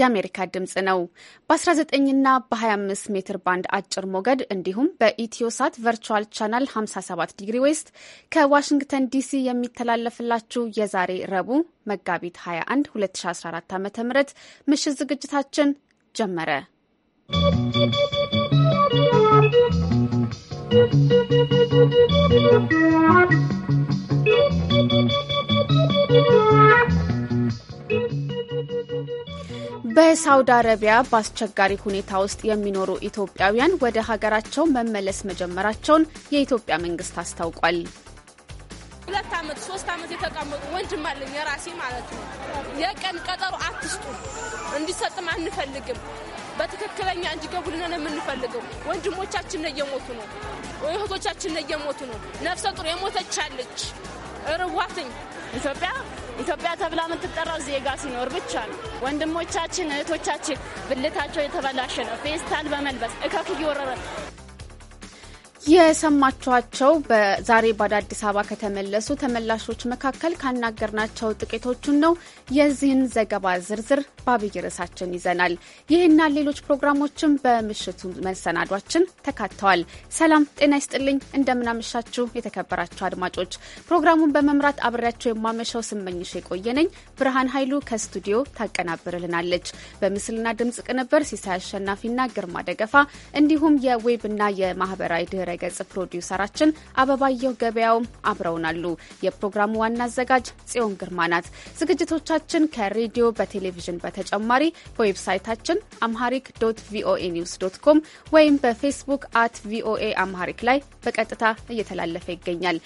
የአሜሪካ ድምፅ ነው። በ19ና በ25 ሜትር ባንድ አጭር ሞገድ እንዲሁም በኢትዮሳት ቨርቹዋል ቻናል 57 ዲግሪ ዌስት ከዋሽንግተን ዲሲ የሚተላለፍላችሁ የዛሬ ረቡዕ መጋቢት 21 2014 ዓ ም ምሽት ዝግጅታችን ጀመረ። ¶¶ በሳውዲ አረቢያ በአስቸጋሪ ሁኔታ ውስጥ የሚኖሩ ኢትዮጵያውያን ወደ ሀገራቸው መመለስ መጀመራቸውን የኢትዮጵያ መንግስት አስታውቋል። ሁለት ዓመት ሶስት ዓመት የተቀመጡ ወንድም አለኝ የራሴ ማለት ነው። የቀን ቀጠሮ አትስጡ፣ እንዲሰጥም አንፈልግም። በትክክለኛ እንዲገቡልን የምንፈልገው ወንድሞቻችን እየሞቱ ነው፣ እህቶቻችን እየሞቱ ነው። ነፍሰ ጡር የሞተች አለች። እርዋትኝ ኢትዮጵያ ኢትዮጵያ ተብላ የምትጠራው ዜጋ ሲኖር ብቻ ነው። ወንድሞቻችን እህቶቻችን ብልታቸው የተበላሸ ነው ፌስታል በመልበስ እከክ እየወረረ የሰማችኋቸው በዛሬ ወደ አዲስ አበባ ከተመለሱ ተመላሾች መካከል ካናገርናቸው ጥቂቶቹን ነው። የዚህን ዘገባ ዝርዝር በአብይ ርዕሳችን ይዘናል። ይህና ሌሎች ፕሮግራሞችም በምሽቱ መሰናዷችን ተካተዋል። ሰላም ጤና ይስጥልኝ፣ እንደምናመሻችሁ የተከበራችሁ አድማጮች። ፕሮግራሙን በመምራት አብሬያቸው የማመሻው ስመኝሽ የቆየነኝ ብርሃን ኃይሉ ከስቱዲዮ ታቀናብርልናለች። በምስልና ድምጽ ቅንብር ሲሳይ አሸናፊና ግርማ ደገፋ እንዲሁም የዌብና የማህበራዊ ድረ ገጽ ፕሮዲውሰራችን አበባየሁ ገበያውም አብረውናሉ። የፕሮግራሙ ዋና አዘጋጅ ጽዮን ግርማ ናት። ዝግጅቶቻችን ከሬዲዮ በቴሌቪዥን በተጨማሪ በዌብሳይታችን አምሃሪክ ዶት ቪኦኤ ኒውስ ዶት ኮም ወይም በፌስቡክ አት ቪኦኤ አምሃሪክ ላይ በቀጥታ እየተላለፈ ይገኛል።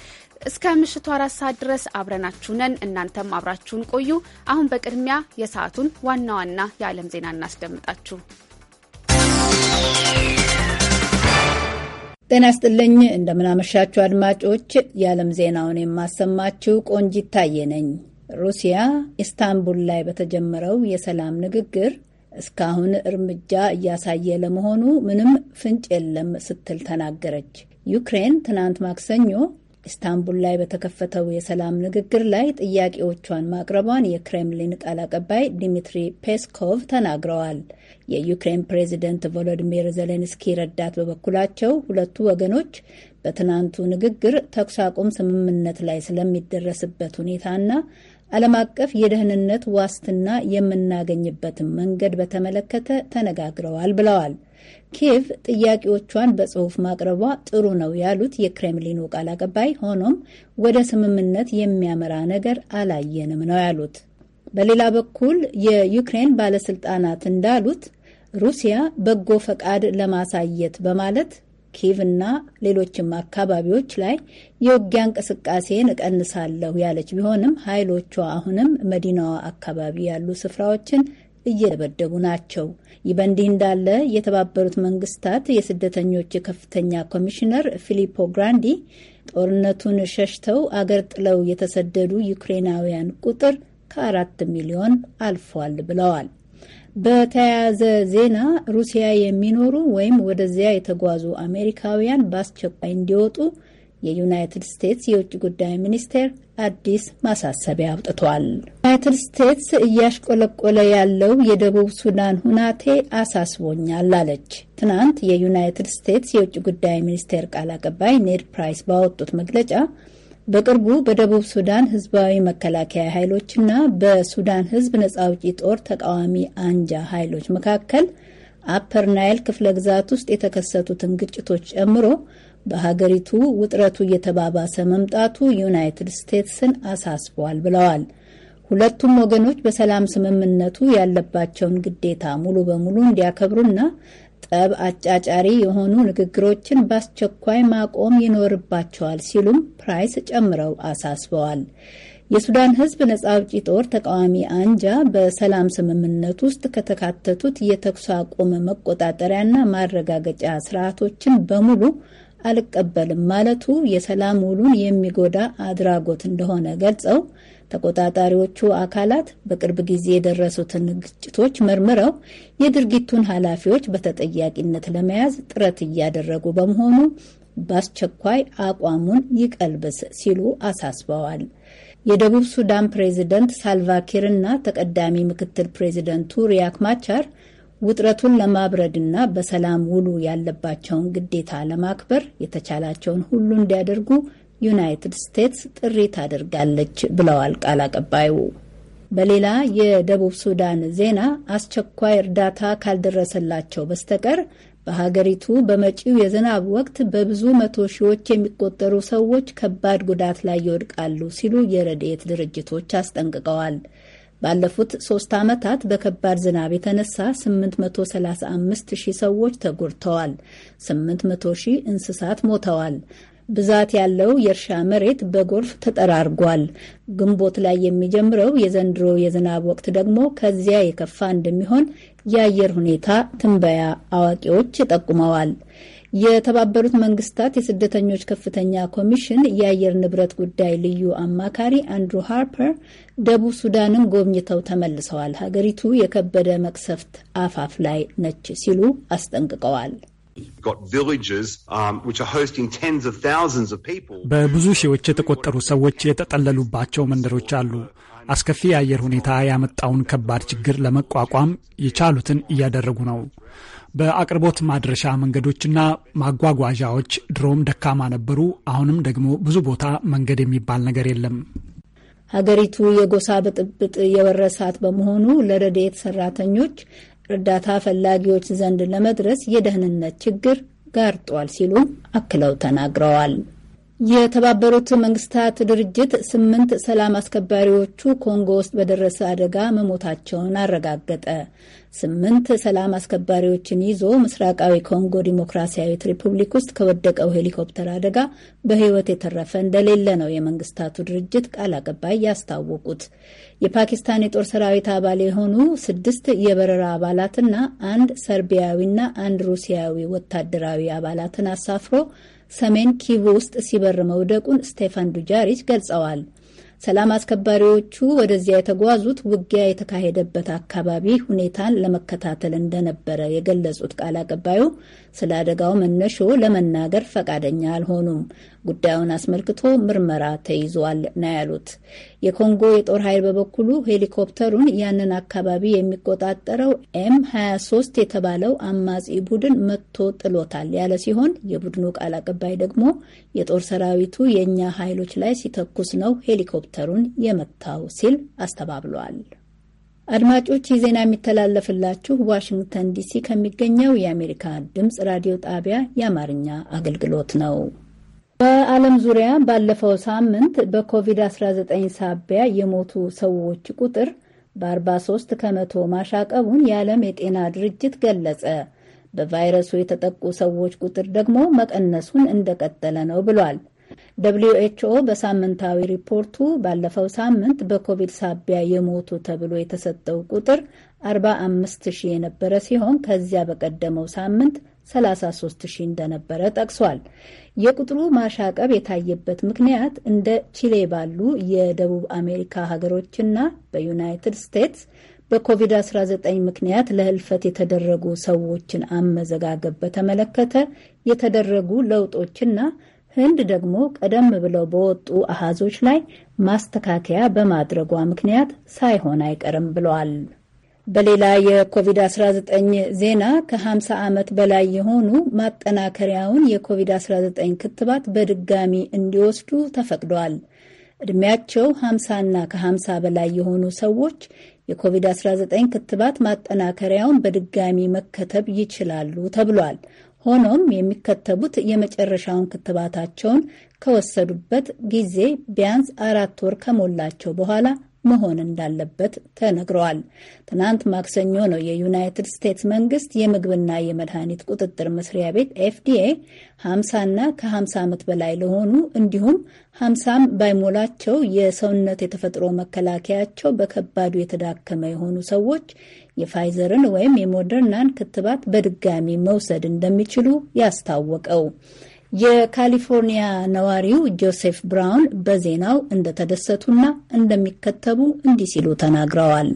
እስከ ምሽቱ አራት ሰዓት ድረስ አብረናችሁ ነን። እናንተም አብራችሁን ቆዩ። አሁን በቅድሚያ የሰዓቱን ዋና ዋና የዓለም ዜና እናስደምጣችሁ። ጤና ይስጥልኝ እንደምናመሻችሁ አድማጮች፣ የዓለም ዜናውን የማሰማችው ቆንጂ ይታየ ነኝ። ሩሲያ ኢስታንቡል ላይ በተጀመረው የሰላም ንግግር እስካሁን እርምጃ እያሳየ ለመሆኑ ምንም ፍንጭ የለም ስትል ተናገረች። ዩክሬን ትናንት ማክሰኞ ኢስታንቡል ላይ በተከፈተው የሰላም ንግግር ላይ ጥያቄዎቿን ማቅረቧን የክሬምሊን ቃል አቀባይ ዲሚትሪ ፔስኮቭ ተናግረዋል። የዩክሬን ፕሬዚደንት ቮሎዲሚር ዜሌንስኪ ረዳት በበኩላቸው ሁለቱ ወገኖች በትናንቱ ንግግር ተኩስ አቁም ስምምነት ላይ ስለሚደረስበት ሁኔታና ዓለም አቀፍ የደህንነት ዋስትና የምናገኝበትን መንገድ በተመለከተ ተነጋግረዋል ብለዋል። ኪየቭ ጥያቄዎቿን በጽሑፍ ማቅረቧ ጥሩ ነው ያሉት የክሬምሊኑ ቃል አቀባይ፣ ሆኖም ወደ ስምምነት የሚያመራ ነገር አላየንም ነው ያሉት። በሌላ በኩል የዩክሬን ባለስልጣናት እንዳሉት ሩሲያ በጎ ፈቃድ ለማሳየት በማለት ኪቭ እና ሌሎችም አካባቢዎች ላይ የውጊያ እንቅስቃሴን እቀንሳለሁ ያለች ቢሆንም ኃይሎቿ አሁንም መዲናዋ አካባቢ ያሉ ስፍራዎችን እየደበደቡ ናቸው። ይህ በእንዲህ እንዳለ የተባበሩት መንግስታት የስደተኞች ከፍተኛ ኮሚሽነር ፊሊፖ ግራንዲ ጦርነቱን ሸሽተው አገር ጥለው የተሰደዱ ዩክሬናውያን ቁጥር ከአራት ሚሊዮን አልፏል ብለዋል። በተያያዘ ዜና ሩሲያ የሚኖሩ ወይም ወደዚያ የተጓዙ አሜሪካውያን በአስቸኳይ እንዲወጡ የዩናይትድ ስቴትስ የውጭ ጉዳይ ሚኒስቴር አዲስ ማሳሰቢያ አውጥቷል። ዩናይትድ ስቴትስ እያሽቆለቆለ ያለው የደቡብ ሱዳን ሁናቴ አሳስቦኛል አለች። ትናንት የዩናይትድ ስቴትስ የውጭ ጉዳይ ሚኒስቴር ቃል አቀባይ ኔድ ፕራይስ ባወጡት መግለጫ በቅርቡ በደቡብ ሱዳን ህዝባዊ መከላከያ ኃይሎችና በሱዳን ህዝብ ነጻ አውጪ ጦር ተቃዋሚ አንጃ ኃይሎች መካከል አፐር ናይል ክፍለ ግዛት ውስጥ የተከሰቱትን ግጭቶች ጨምሮ በሀገሪቱ ውጥረቱ እየተባባሰ መምጣቱ ዩናይትድ ስቴትስን አሳስቧል ብለዋል። ሁለቱም ወገኖች በሰላም ስምምነቱ ያለባቸውን ግዴታ ሙሉ በሙሉ እንዲያከብሩና ጠብ አጫጫሪ የሆኑ ንግግሮችን በአስቸኳይ ማቆም ይኖርባቸዋል ሲሉም ፕራይስ ጨምረው አሳስበዋል። የሱዳን ሕዝብ ነጻ አውጪ ጦር ተቃዋሚ አንጃ በሰላም ስምምነት ውስጥ ከተካተቱት የተኩስ አቁም መቆጣጠሪያና ማረጋገጫ ስርዓቶችን በሙሉ አልቀበልም ማለቱ የሰላም ውሉን የሚጎዳ አድራጎት እንደሆነ ገልጸው ተቆጣጣሪዎቹ አካላት በቅርብ ጊዜ የደረሱትን ግጭቶች መርምረው የድርጊቱን ኃላፊዎች በተጠያቂነት ለመያዝ ጥረት እያደረጉ በመሆኑ በአስቸኳይ አቋሙን ይቀልብስ ሲሉ አሳስበዋል። የደቡብ ሱዳን ፕሬዝደንት ሳልቫኪር እና ተቀዳሚ ምክትል ፕሬዝደንቱ ሪያክ ማቻር ውጥረቱን ለማብረድና በሰላም ውሉ ያለባቸውን ግዴታ ለማክበር የተቻላቸውን ሁሉ እንዲያደርጉ ዩናይትድ ስቴትስ ጥሪ ታደርጋለች ብለዋል ቃል አቀባዩ። በሌላ የደቡብ ሱዳን ዜና አስቸኳይ እርዳታ ካልደረሰላቸው በስተቀር በሀገሪቱ በመጪው የዝናብ ወቅት በብዙ መቶ ሺዎች የሚቆጠሩ ሰዎች ከባድ ጉዳት ላይ ይወድቃሉ ሲሉ የረድኤት ድርጅቶች አስጠንቅቀዋል። ባለፉት ሶስት ዓመታት በከባድ ዝናብ የተነሳ 835 ሺህ ሰዎች ተጎድተዋል። 800 ሺህ እንስሳት ሞተዋል። ብዛት ያለው የእርሻ መሬት በጎርፍ ተጠራርጓል። ግንቦት ላይ የሚጀምረው የዘንድሮ የዝናብ ወቅት ደግሞ ከዚያ የከፋ እንደሚሆን የአየር ሁኔታ ትንበያ አዋቂዎች ጠቁመዋል። የተባበሩት መንግስታት የስደተኞች ከፍተኛ ኮሚሽን የአየር ንብረት ጉዳይ ልዩ አማካሪ አንድሩ ሃርፐር ደቡብ ሱዳንን ጎብኝተው ተመልሰዋል። ሀገሪቱ የከበደ መቅሰፍት አፋፍ ላይ ነች ሲሉ አስጠንቅቀዋል። um, በብዙ ሺዎች የተቆጠሩ ሰዎች የተጠለሉባቸው መንደሮች አሉ። አስከፊ የአየር ሁኔታ ያመጣውን ከባድ ችግር ለመቋቋም የቻሉትን እያደረጉ ነው። በአቅርቦት ማድረሻ መንገዶችና ማጓጓዣዎች ድሮም ደካማ ነበሩ። አሁንም ደግሞ ብዙ ቦታ መንገድ የሚባል ነገር የለም። ሀገሪቱ የጎሳ ብጥብጥ የወረሳት በመሆኑ ለረድኤት ሰራተኞች እርዳታ ፈላጊዎች ዘንድ ለመድረስ የደህንነት ችግር ጋርጧል ሲሉ አክለው ተናግረዋል። የተባበሩት መንግስታት ድርጅት ስምንት ሰላም አስከባሪዎቹ ኮንጎ ውስጥ በደረሰ አደጋ መሞታቸውን አረጋገጠ። ስምንት ሰላም አስከባሪዎችን ይዞ ምስራቃዊ ኮንጎ ዲሞክራሲያዊት ሪፑብሊክ ውስጥ ከወደቀው ሄሊኮፕተር አደጋ በሕይወት የተረፈ እንደሌለ ነው የመንግስታቱ ድርጅት ቃል አቀባይ ያስታወቁት። የፓኪስታን የጦር ሰራዊት አባል የሆኑ ስድስት የበረራ አባላትና አንድ ሰርቢያዊና አንድ ሩሲያዊ ወታደራዊ አባላትን አሳፍሮ ሰሜን ኪቭ ውስጥ ሲበር መውደቁን ስቴፋን ዱጃሪች ገልጸዋል። ሰላም አስከባሪዎቹ ወደዚያ የተጓዙት ውጊያ የተካሄደበት አካባቢ ሁኔታን ለመከታተል እንደነበረ የገለጹት ቃል አቀባዩ ስለ አደጋው መነሾ ለመናገር ፈቃደኛ አልሆኑም። ጉዳዩን አስመልክቶ ምርመራ ተይዟል ነው ያሉት። የኮንጎ የጦር ኃይል በበኩሉ ሄሊኮፕተሩን ያንን አካባቢ የሚቆጣጠረው ኤም 23 የተባለው አማጺ ቡድን መጥቶ ጥሎታል ያለ ሲሆን የቡድኑ ቃል አቀባይ ደግሞ የጦር ሰራዊቱ የእኛ ኃይሎች ላይ ሲተኩስ ነው ሄሊኮፕተሩን የመታው ሲል አስተባብሏል። አድማጮች የዜና የሚተላለፍላችሁ ዋሽንግተን ዲሲ ከሚገኘው የአሜሪካ ድምፅ ራዲዮ ጣቢያ የአማርኛ አገልግሎት ነው። በዓለም ዙሪያ ባለፈው ሳምንት በኮቪድ-19 ሳቢያ የሞቱ ሰዎች ቁጥር በ43 ከመቶ ማሻቀቡን የዓለም የጤና ድርጅት ገለጸ። በቫይረሱ የተጠቁ ሰዎች ቁጥር ደግሞ መቀነሱን እንደቀጠለ ነው ብሏል። ደብሊዩ ኤችኦ በሳምንታዊ ሪፖርቱ ባለፈው ሳምንት በኮቪድ ሳቢያ የሞቱ ተብሎ የተሰጠው ቁጥር 45 ሺህ የነበረ ሲሆን ከዚያ በቀደመው ሳምንት 33 ሺህ እንደነበረ ጠቅሷል። የቁጥሩ ማሻቀብ የታየበት ምክንያት እንደ ቺሌ ባሉ የደቡብ አሜሪካ ሀገሮችና በዩናይትድ ስቴትስ በኮቪድ-19 ምክንያት ለህልፈት የተደረጉ ሰዎችን አመዘጋገብ በተመለከተ የተደረጉ ለውጦችና ህንድ ደግሞ ቀደም ብለው በወጡ አሃዞች ላይ ማስተካከያ በማድረጓ ምክንያት ሳይሆን አይቀርም ብለዋል። በሌላ የኮቪድ-19 ዜና ከ50 ዓመት በላይ የሆኑ ማጠናከሪያውን የኮቪድ-19 ክትባት በድጋሚ እንዲወስዱ ተፈቅዷል። ዕድሜያቸው 50 እና ከ50 በላይ የሆኑ ሰዎች የኮቪድ-19 ክትባት ማጠናከሪያውን በድጋሚ መከተብ ይችላሉ ተብሏል። ሆኖም የሚከተቡት የመጨረሻውን ክትባታቸውን ከወሰዱበት ጊዜ ቢያንስ አራት ወር ከሞላቸው በኋላ መሆን እንዳለበት ተነግረዋል። ትናንት ማክሰኞ ነው የዩናይትድ ስቴትስ መንግስት የምግብና የመድኃኒት ቁጥጥር መስሪያ ቤት ኤፍዲኤ 50ና ከ50 ዓመት በላይ ለሆኑ እንዲሁም 50ም ባይሞላቸው የሰውነት የተፈጥሮ መከላከያቸው በከባዱ የተዳከመ የሆኑ ሰዎች የፋይዘርን ወይም የሞደርናን ክትባት በድጋሚ መውሰድ እንደሚችሉ ያስታወቀው የካሊፎርኒያ ነዋሪው ጆሴፍ ብራውን በዜናው እንደተደሰቱና እንደሚከተቡ እንዲህ ሲሉ ተናግረዋል።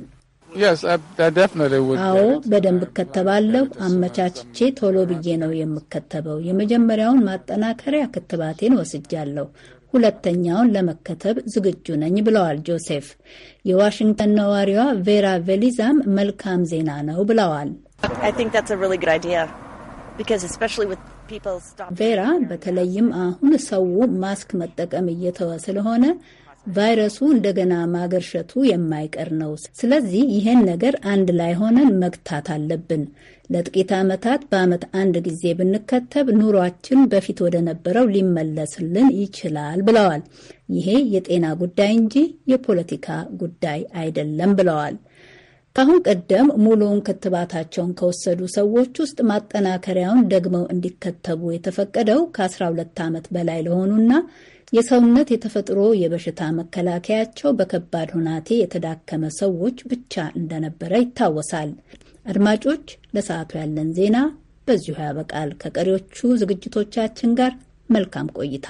አዎ፣ በደንብ እከተባለሁ። አመቻችቼ ቶሎ ብዬ ነው የምከተበው። የመጀመሪያውን ማጠናከሪያ ክትባቴን ወስጃለሁ። ሁለተኛውን ለመከተብ ዝግጁ ነኝ ብለዋል ጆሴፍ። የዋሽንግተን ነዋሪዋ ቬራ ቬሊዛም መልካም ዜና ነው ብለዋል። ቬራ በተለይም አሁን ሰው ማስክ መጠቀም እየተወ ስለሆነ ቫይረሱ እንደገና ማገርሸቱ የማይቀር ነው። ስለዚህ ይህን ነገር አንድ ላይ ሆነን መግታት አለብን። ለጥቂት ዓመታት በዓመት አንድ ጊዜ ብንከተብ ኑሯችን በፊት ወደ ነበረው ሊመለስልን ይችላል ብለዋል። ይሄ የጤና ጉዳይ እንጂ የፖለቲካ ጉዳይ አይደለም ብለዋል። ከአሁን ቀደም ሙሉውን ክትባታቸውን ከወሰዱ ሰዎች ውስጥ ማጠናከሪያውን ደግመው እንዲከተቡ የተፈቀደው ከ12 ዓመት በላይ ለሆኑና የሰውነት የተፈጥሮ የበሽታ መከላከያቸው በከባድ ሁናቴ የተዳከመ ሰዎች ብቻ እንደነበረ ይታወሳል። አድማጮች፣ ለሰዓቱ ያለን ዜና በዚሁ ያበቃል። ከቀሪዎቹ ዝግጅቶቻችን ጋር መልካም ቆይታ።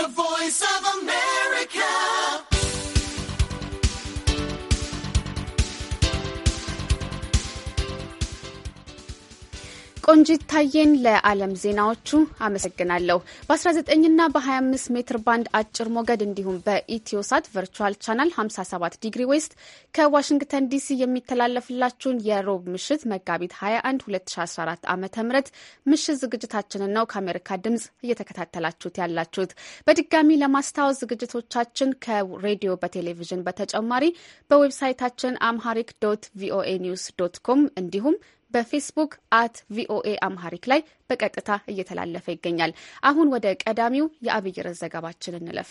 The voice of ቆንጂ ታየን ለዓለም ዜናዎቹ አመሰግናለሁ። በ19ና በ25 ሜትር ባንድ አጭር ሞገድ እንዲሁም በኢትዮሳት ቨርቹዋል ቻናል 57 ዲግሪ ዌስት ከዋሽንግተን ዲሲ የሚተላለፍላችሁን የሮብ ምሽት መጋቢት 21 2014 ዓ ም ምሽት ዝግጅታችንን ነው ከአሜሪካ ድምፅ እየተከታተላችሁት ያላችሁት። በድጋሚ ለማስታወስ ዝግጅቶቻችን ከሬዲዮ በቴሌቪዥን በተጨማሪ በዌብሳይታችን አምሃሪክ ዶት ቪኦኤ ኒውስ ዶት ኮም እንዲሁም በፌስቡክ አት ቪኦኤ አምሃሪክ ላይ በቀጥታ እየተላለፈ ይገኛል። አሁን ወደ ቀዳሚው የአብይር ዘገባችን እንለፍ።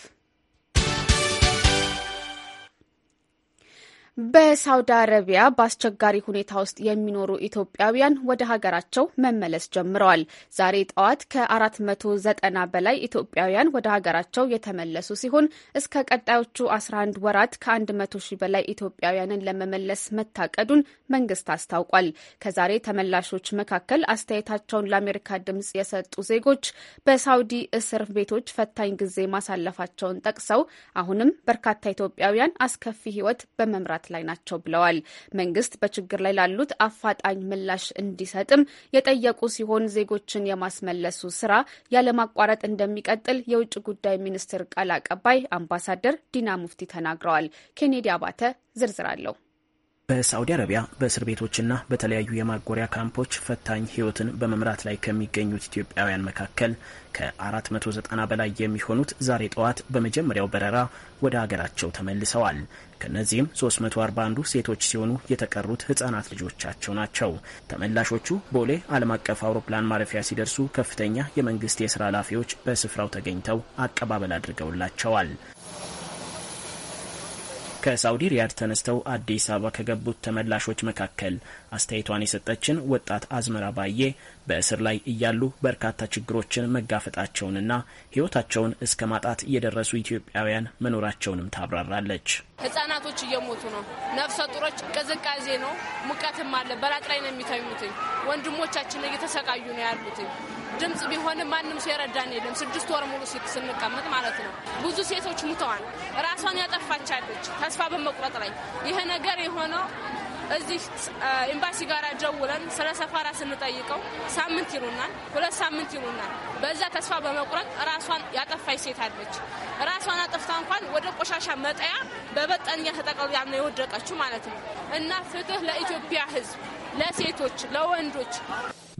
በሳውዲ አረቢያ በአስቸጋሪ ሁኔታ ውስጥ የሚኖሩ ኢትዮጵያውያን ወደ ሀገራቸው መመለስ ጀምረዋል። ዛሬ ጠዋት ከ490 በላይ ኢትዮጵያውያን ወደ ሀገራቸው የተመለሱ ሲሆን እስከ ቀጣዮቹ 11 ወራት ከ100 ሺ በላይ ኢትዮጵያውያንን ለመመለስ መታቀዱን መንግስት አስታውቋል። ከዛሬ ተመላሾች መካከል አስተያየታቸውን ለአሜሪካ ድምጽ የሰጡ ዜጎች በሳውዲ እስር ቤቶች ፈታኝ ጊዜ ማሳለፋቸውን ጠቅሰው አሁንም በርካታ ኢትዮጵያውያን አስከፊ ህይወት በመምራት ላይ ናቸው ብለዋል። መንግስት በችግር ላይ ላሉት አፋጣኝ ምላሽ እንዲሰጥም የጠየቁ ሲሆን ዜጎችን የማስመለሱ ስራ ያለማቋረጥ እንደሚቀጥል የውጭ ጉዳይ ሚኒስትር ቃል አቀባይ አምባሳደር ዲና ሙፍቲ ተናግረዋል። ኬኔዲ አባተ ዝርዝር አለው። በሳዑዲ አረቢያ በእስር ቤቶችና በተለያዩ የማጎሪያ ካምፖች ፈታኝ ህይወትን በመምራት ላይ ከሚገኙት ኢትዮጵያውያን መካከል ከ490 በላይ የሚሆኑት ዛሬ ጠዋት በመጀመሪያው በረራ ወደ አገራቸው ተመልሰዋል። ከእነዚህም 341ዱ ሴቶች ሲሆኑ የተቀሩት ህጻናት ልጆቻቸው ናቸው። ተመላሾቹ ቦሌ ዓለም አቀፍ አውሮፕላን ማረፊያ ሲደርሱ ከፍተኛ የመንግስት የስራ ኃላፊዎች በስፍራው ተገኝተው አቀባበል አድርገውላቸዋል። ከሳውዲ ሪያድ ተነስተው አዲስ አበባ ከገቡት ተመላሾች መካከል አስተያየቷን የሰጠችን ወጣት አዝመራ ባዬ በእስር ላይ እያሉ በርካታ ችግሮችን መጋፈጣቸውንና ሕይወታቸውን እስከ ማጣት የደረሱ ኢትዮጵያውያን መኖራቸውንም ታብራራለች። ሕጻናቶች እየሞቱ ነው። ነፍሰ ጡሮች፣ ቅዝቃዜ ነው፣ ሙቀትም አለ። በራቅ ላይ ነው የሚተኙትኝ። ወንድሞቻችን እየተሰቃዩ ነው ያሉትኝ ድምፅ ቢሆንም ማንም ሰው የረዳን የለም። ስድስት ወር ሙሉ ስንቀመጥ ማለት ነው። ብዙ ሴቶች ሙተዋል። ራሷን ያጠፋቻለች ተስፋ በመቁረጥ ላይ ይሄ ነገር የሆነው እዚህ ኤምባሲ ጋር ደውለን ስለ ሰፋራ ስንጠይቀው ሳምንት ይሉናል፣ ሁለት ሳምንት ይሉናል። በዛ ተስፋ በመቁረጥ ራሷን ያጠፋች ሴት አለች። ራሷን አጠፍታ እንኳን ወደ ቆሻሻ መጠያ በበጠኛ ተጠቅልላ ነው የወደቀችው ማለት ነው እና ፍትህ ለኢትዮጵያ ሕዝብ ለሴቶች፣ ለወንዶች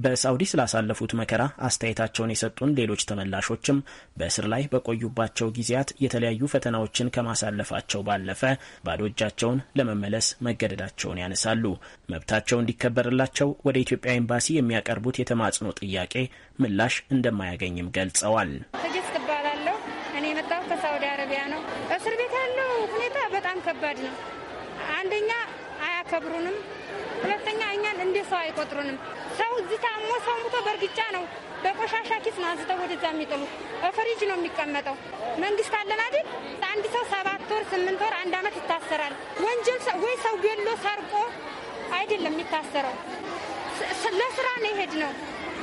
በሳውዲ ስላሳለፉት መከራ አስተያየታቸውን የሰጡን ሌሎች ተመላሾችም በእስር ላይ በቆዩባቸው ጊዜያት የተለያዩ ፈተናዎችን ከማሳለፋቸው ባለፈ ባዶ እጃቸውን ለመመለስ መገደዳቸውን ያነሳሉ። መብታቸው እንዲከበርላቸው ወደ ኢትዮጵያ ኤምባሲ የሚያቀርቡት የተማጽኖ ጥያቄ ምላሽ እንደማያገኝም ገልጸዋል። ትግስት እባላለሁ። እኔ የመጣው ከሳውዲ አረቢያ ነው። እስር ቤት ያለው ሁኔታ በጣም ከባድ ነው። አንደኛ አያከብሩንም ሁለተኛ እኛን እንደ ሰው አይቆጥሩንም። ሰው እዚህ ታሞ ሰው ሙቶ በእርግጫ ነው በቆሻሻ ኪስ ነው አንስተው ወደዛ የሚጥሉ በፍሪጅ ነው የሚቀመጠው። መንግስት አለን አይደል? አንድ ሰው ሰባት ወር ስምንት ወር አንድ አመት ይታሰራል። ወንጀል ወይ ሰው ገሎ ሰርቆ አይደለም የሚታሰረው፣ ለስራ ነው ይሄድ ነው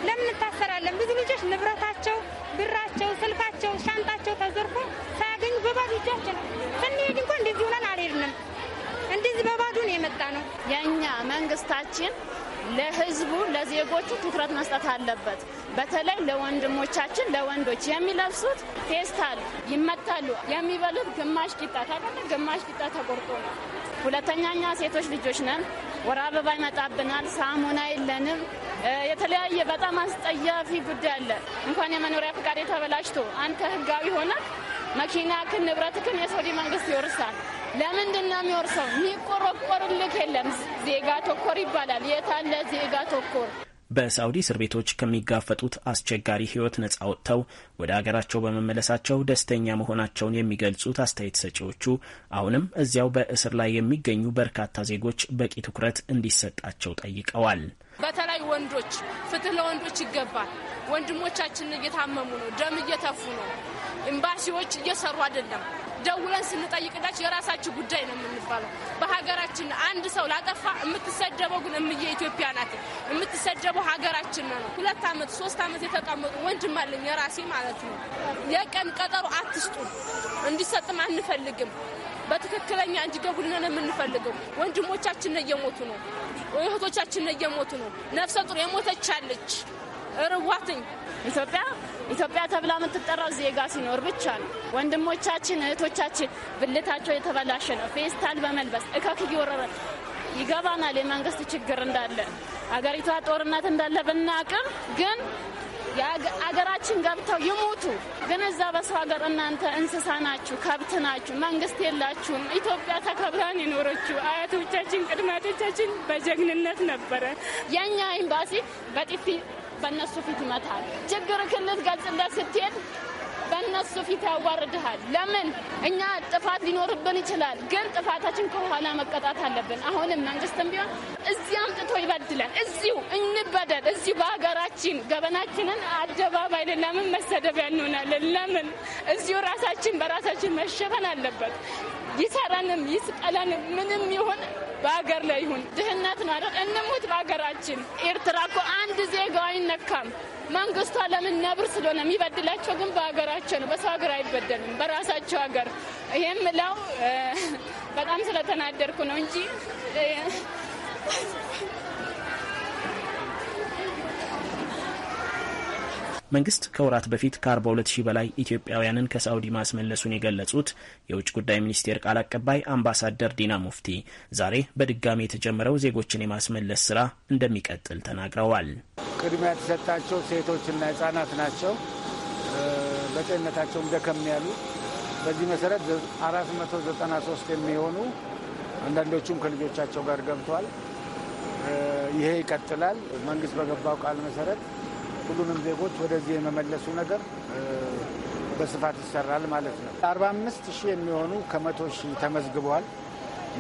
ለምን እንታሰራለን? ብዙ ልጆች ንብረታቸው፣ ብራቸው፣ ስልካቸው፣ ሻንጣቸው ተዘርፎ ሳያገኙ በባዶ እጃቸው ነው የመጣ ነው። የእኛ መንግስታችን ለህዝቡ ለዜጎቹ ትኩረት መስጠት አለበት። በተለይ ለወንድሞቻችን ለወንዶች የሚለብሱት ፌስታል ይመታሉ። የሚበሉት ግማሽ ቂጣ ታቀጠ ግማሽ ቂጣ ተቆርጦ ነው። ሁለተኛኛ ሴቶች ልጆች ነን። ወር አበባ ይመጣብናል። ሳሙና የለንም። የተለያየ በጣም አስጠያፊ ጉዳይ አለ። እንኳን የመኖሪያ ፈቃድ የተበላሽቶ አንተ ህጋዊ ሆነ መኪናክን ንብረትክን የሳውዲ መንግስት ይወርሳል። ለምንድን ነው የሚወርሰው? የሚቆረቆርልክ የለም። ዜጋ ተኮር ይባላል። የታለ ዜጋ ተኮር? በሳውዲ እስር ቤቶች ከሚጋፈጡት አስቸጋሪ ሕይወት ነጻ ወጥተው ወደ አገራቸው በመመለሳቸው ደስተኛ መሆናቸውን የሚገልጹት አስተያየት ሰጪዎቹ አሁንም እዚያው በእስር ላይ የሚገኙ በርካታ ዜጎች በቂ ትኩረት እንዲሰጣቸው ጠይቀዋል። በተለይ ወንዶች፣ ፍትህ ለወንዶች ይገባል። ወንድሞቻችን እየታመሙ ነው፣ ደም እየተፉ ነው። ኤምባሲዎች እየሰሩ አይደለም። ደውለን ስንጠይቅዳች የራሳችሁ ጉዳይ ነው የምንባለው። በሀገራችን አንድ ሰው ላጠፋ የምትሰደበው ግን እምዬ ኢትዮጵያ ናት። የምትሰደበው ሀገራችን ነው። ሁለት ዓመት ሶስት ዓመት የተቀመጡ ወንድም አለኝ የራሴ ማለት ነው። የቀን ቀጠሮ አትስጡ፣ እንዲሰጥም አንፈልግም። በትክክለኛ እንዲገቡልን የምንፈልገው ወንድሞቻችን እየሞቱ ነው፣ እህቶቻችን እየሞቱ ነው። ነፍሰ ጡር የሞተች አለች። እርዋትኝ ኢትዮጵያ ኢትዮጵያ ተብላ የምትጠራው ዜጋ ሲኖር ብቻ ነው። ወንድሞቻችን እህቶቻችን ብልታቸው የተበላሸ ነው። ፌስታል በመልበስ እከክ እየወረረ ይገባናል። የመንግስት ችግር እንዳለ አገሪቷ ጦርነት እንዳለ ብናቅም ግን አገራችን ገብተው ይሞቱ። ግን እዛ በሰው ሀገር እናንተ እንስሳ ናችሁ፣ ከብት ናችሁ፣ መንግስት የላችሁም። ኢትዮጵያ ተከብራን የኖረችው አያቶቻችን ቅድማቶቻችን በጀግንነት ነበረ። የእኛ ኤምባሲ በጥፊ በእነሱ ፊት ይመታል። ችግር ክልል ገልጽለት ስትሄድ በእነሱ ፊት ያዋርድሃል። ለምን እኛ ጥፋት ሊኖርብን ይችላል፣ ግን ጥፋታችን ከኋላ መቀጣት አለብን። አሁንም መንግስትም ቢሆን እዚህ አምጥቶ ይበድለን፣ እዚሁ እንበደል፣ እዚሁ በሀገራችን ገበናችንን አደባባይ ለምን መሰደቢያ እንሆናለን? ለምን እዚሁ ራሳችን በራሳችን መሸፈን አለበት። ይሰራንም ይስቀለንም ምንም ይሁን በሀገር ላይ ይሁን። ድህነት ነው አይደል? እንሙት በሀገራችን። ኤርትራ እኮ አንድ ዜጋው አይነካም። መንግስቷ ለምን ነብር ስለሆነ የሚበድላቸው ግን በሀገራቸው ነው። በሰው ሀገር አይበደልም፣ በራሳቸው ሀገር። ይህም ምለው በጣም ስለተናደርኩ ነው እንጂ መንግስት ከወራት በፊት ከ42 ሺህ በላይ ኢትዮጵያውያንን ከሳዑዲ ማስመለሱን የገለጹት የውጭ ጉዳይ ሚኒስቴር ቃል አቀባይ አምባሳደር ዲና ሙፍቲ ዛሬ በድጋሚ የተጀመረው ዜጎችን የማስመለስ ስራ እንደሚቀጥል ተናግረዋል። ቅድሚያ የተሰጣቸው ሴቶችና ህጻናት ናቸው። በጤንነታቸውም ደከም ያሉ በዚህ መሰረት 493 የሚሆኑ አንዳንዶቹም ከልጆቻቸው ጋር ገብተዋል። ይሄ ይቀጥላል። መንግስት በገባው ቃል መሰረት ሁሉንም ዜጎች ወደዚህ የመመለሱ ነገር በስፋት ይሰራል ማለት ነው። አርባ አምስት ሺህ የሚሆኑ ከመቶ ሺህ ተመዝግበዋል።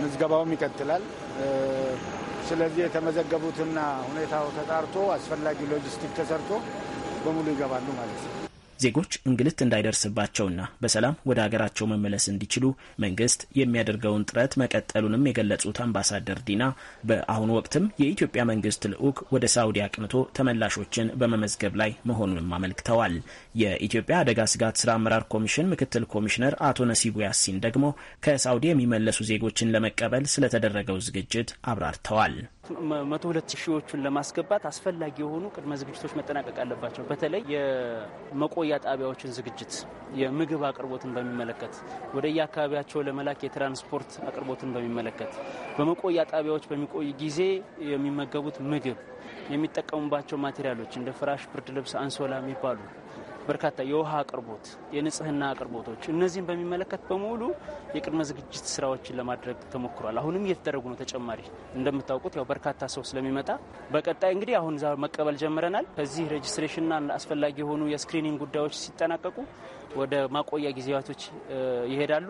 ምዝገባውም ይቀጥላል። ስለዚህ የተመዘገቡትና ሁኔታው ተጣርቶ አስፈላጊ ሎጂስቲክ ተሰርቶ በሙሉ ይገባሉ ማለት ነው። ዜጎች እንግልት እንዳይደርስባቸውና በሰላም ወደ ሀገራቸው መመለስ እንዲችሉ መንግስት የሚያደርገውን ጥረት መቀጠሉንም የገለጹት አምባሳደር ዲና በአሁኑ ወቅትም የኢትዮጵያ መንግስት ልዑክ ወደ ሳውዲ አቅንቶ ተመላሾችን በመመዝገብ ላይ መሆኑንም አመልክተዋል። የኢትዮጵያ አደጋ ስጋት ስራ አመራር ኮሚሽን ምክትል ኮሚሽነር አቶ ነሲቡ ያሲን ደግሞ ከሳውዲ የሚመለሱ ዜጎችን ለመቀበል ስለተደረገው ዝግጅት አብራርተዋል። መቶ ሁለት ሺዎቹን ለማስገባት አስፈላጊ የሆኑ ቅድመ ዝግጅቶች መጠናቀቅ አለባቸው። በተለይ የመቆያ ጣቢያዎችን ዝግጅት፣ የምግብ አቅርቦትን በሚመለከት ወደ የአካባቢያቸው ለመላክ የትራንስፖርት አቅርቦትን በሚመለከት በመቆያ ጣቢያዎች በሚቆይ ጊዜ የሚመገቡት ምግብ፣ የሚጠቀሙባቸው ማቴሪያሎች እንደ ፍራሽ፣ ብርድ ልብስ፣ አንሶላ የሚባሉ በርካታ የውሃ አቅርቦት፣ የንጽህና አቅርቦቶች እነዚህን በሚመለከት በሙሉ የቅድመ ዝግጅት ስራዎችን ለማድረግ ተሞክሯል። አሁንም እየተደረጉ ነው። ተጨማሪ እንደምታውቁት ያው በርካታ ሰው ስለሚመጣ በቀጣይ እንግዲህ አሁን ዛ መቀበል ጀምረናል። ከዚህ ሬጅስትሬሽንና አስፈላጊ የሆኑ የስክሪኒንግ ጉዳዮች ሲጠናቀቁ ወደ ማቆያ ጊዜያቶች ይሄዳሉ።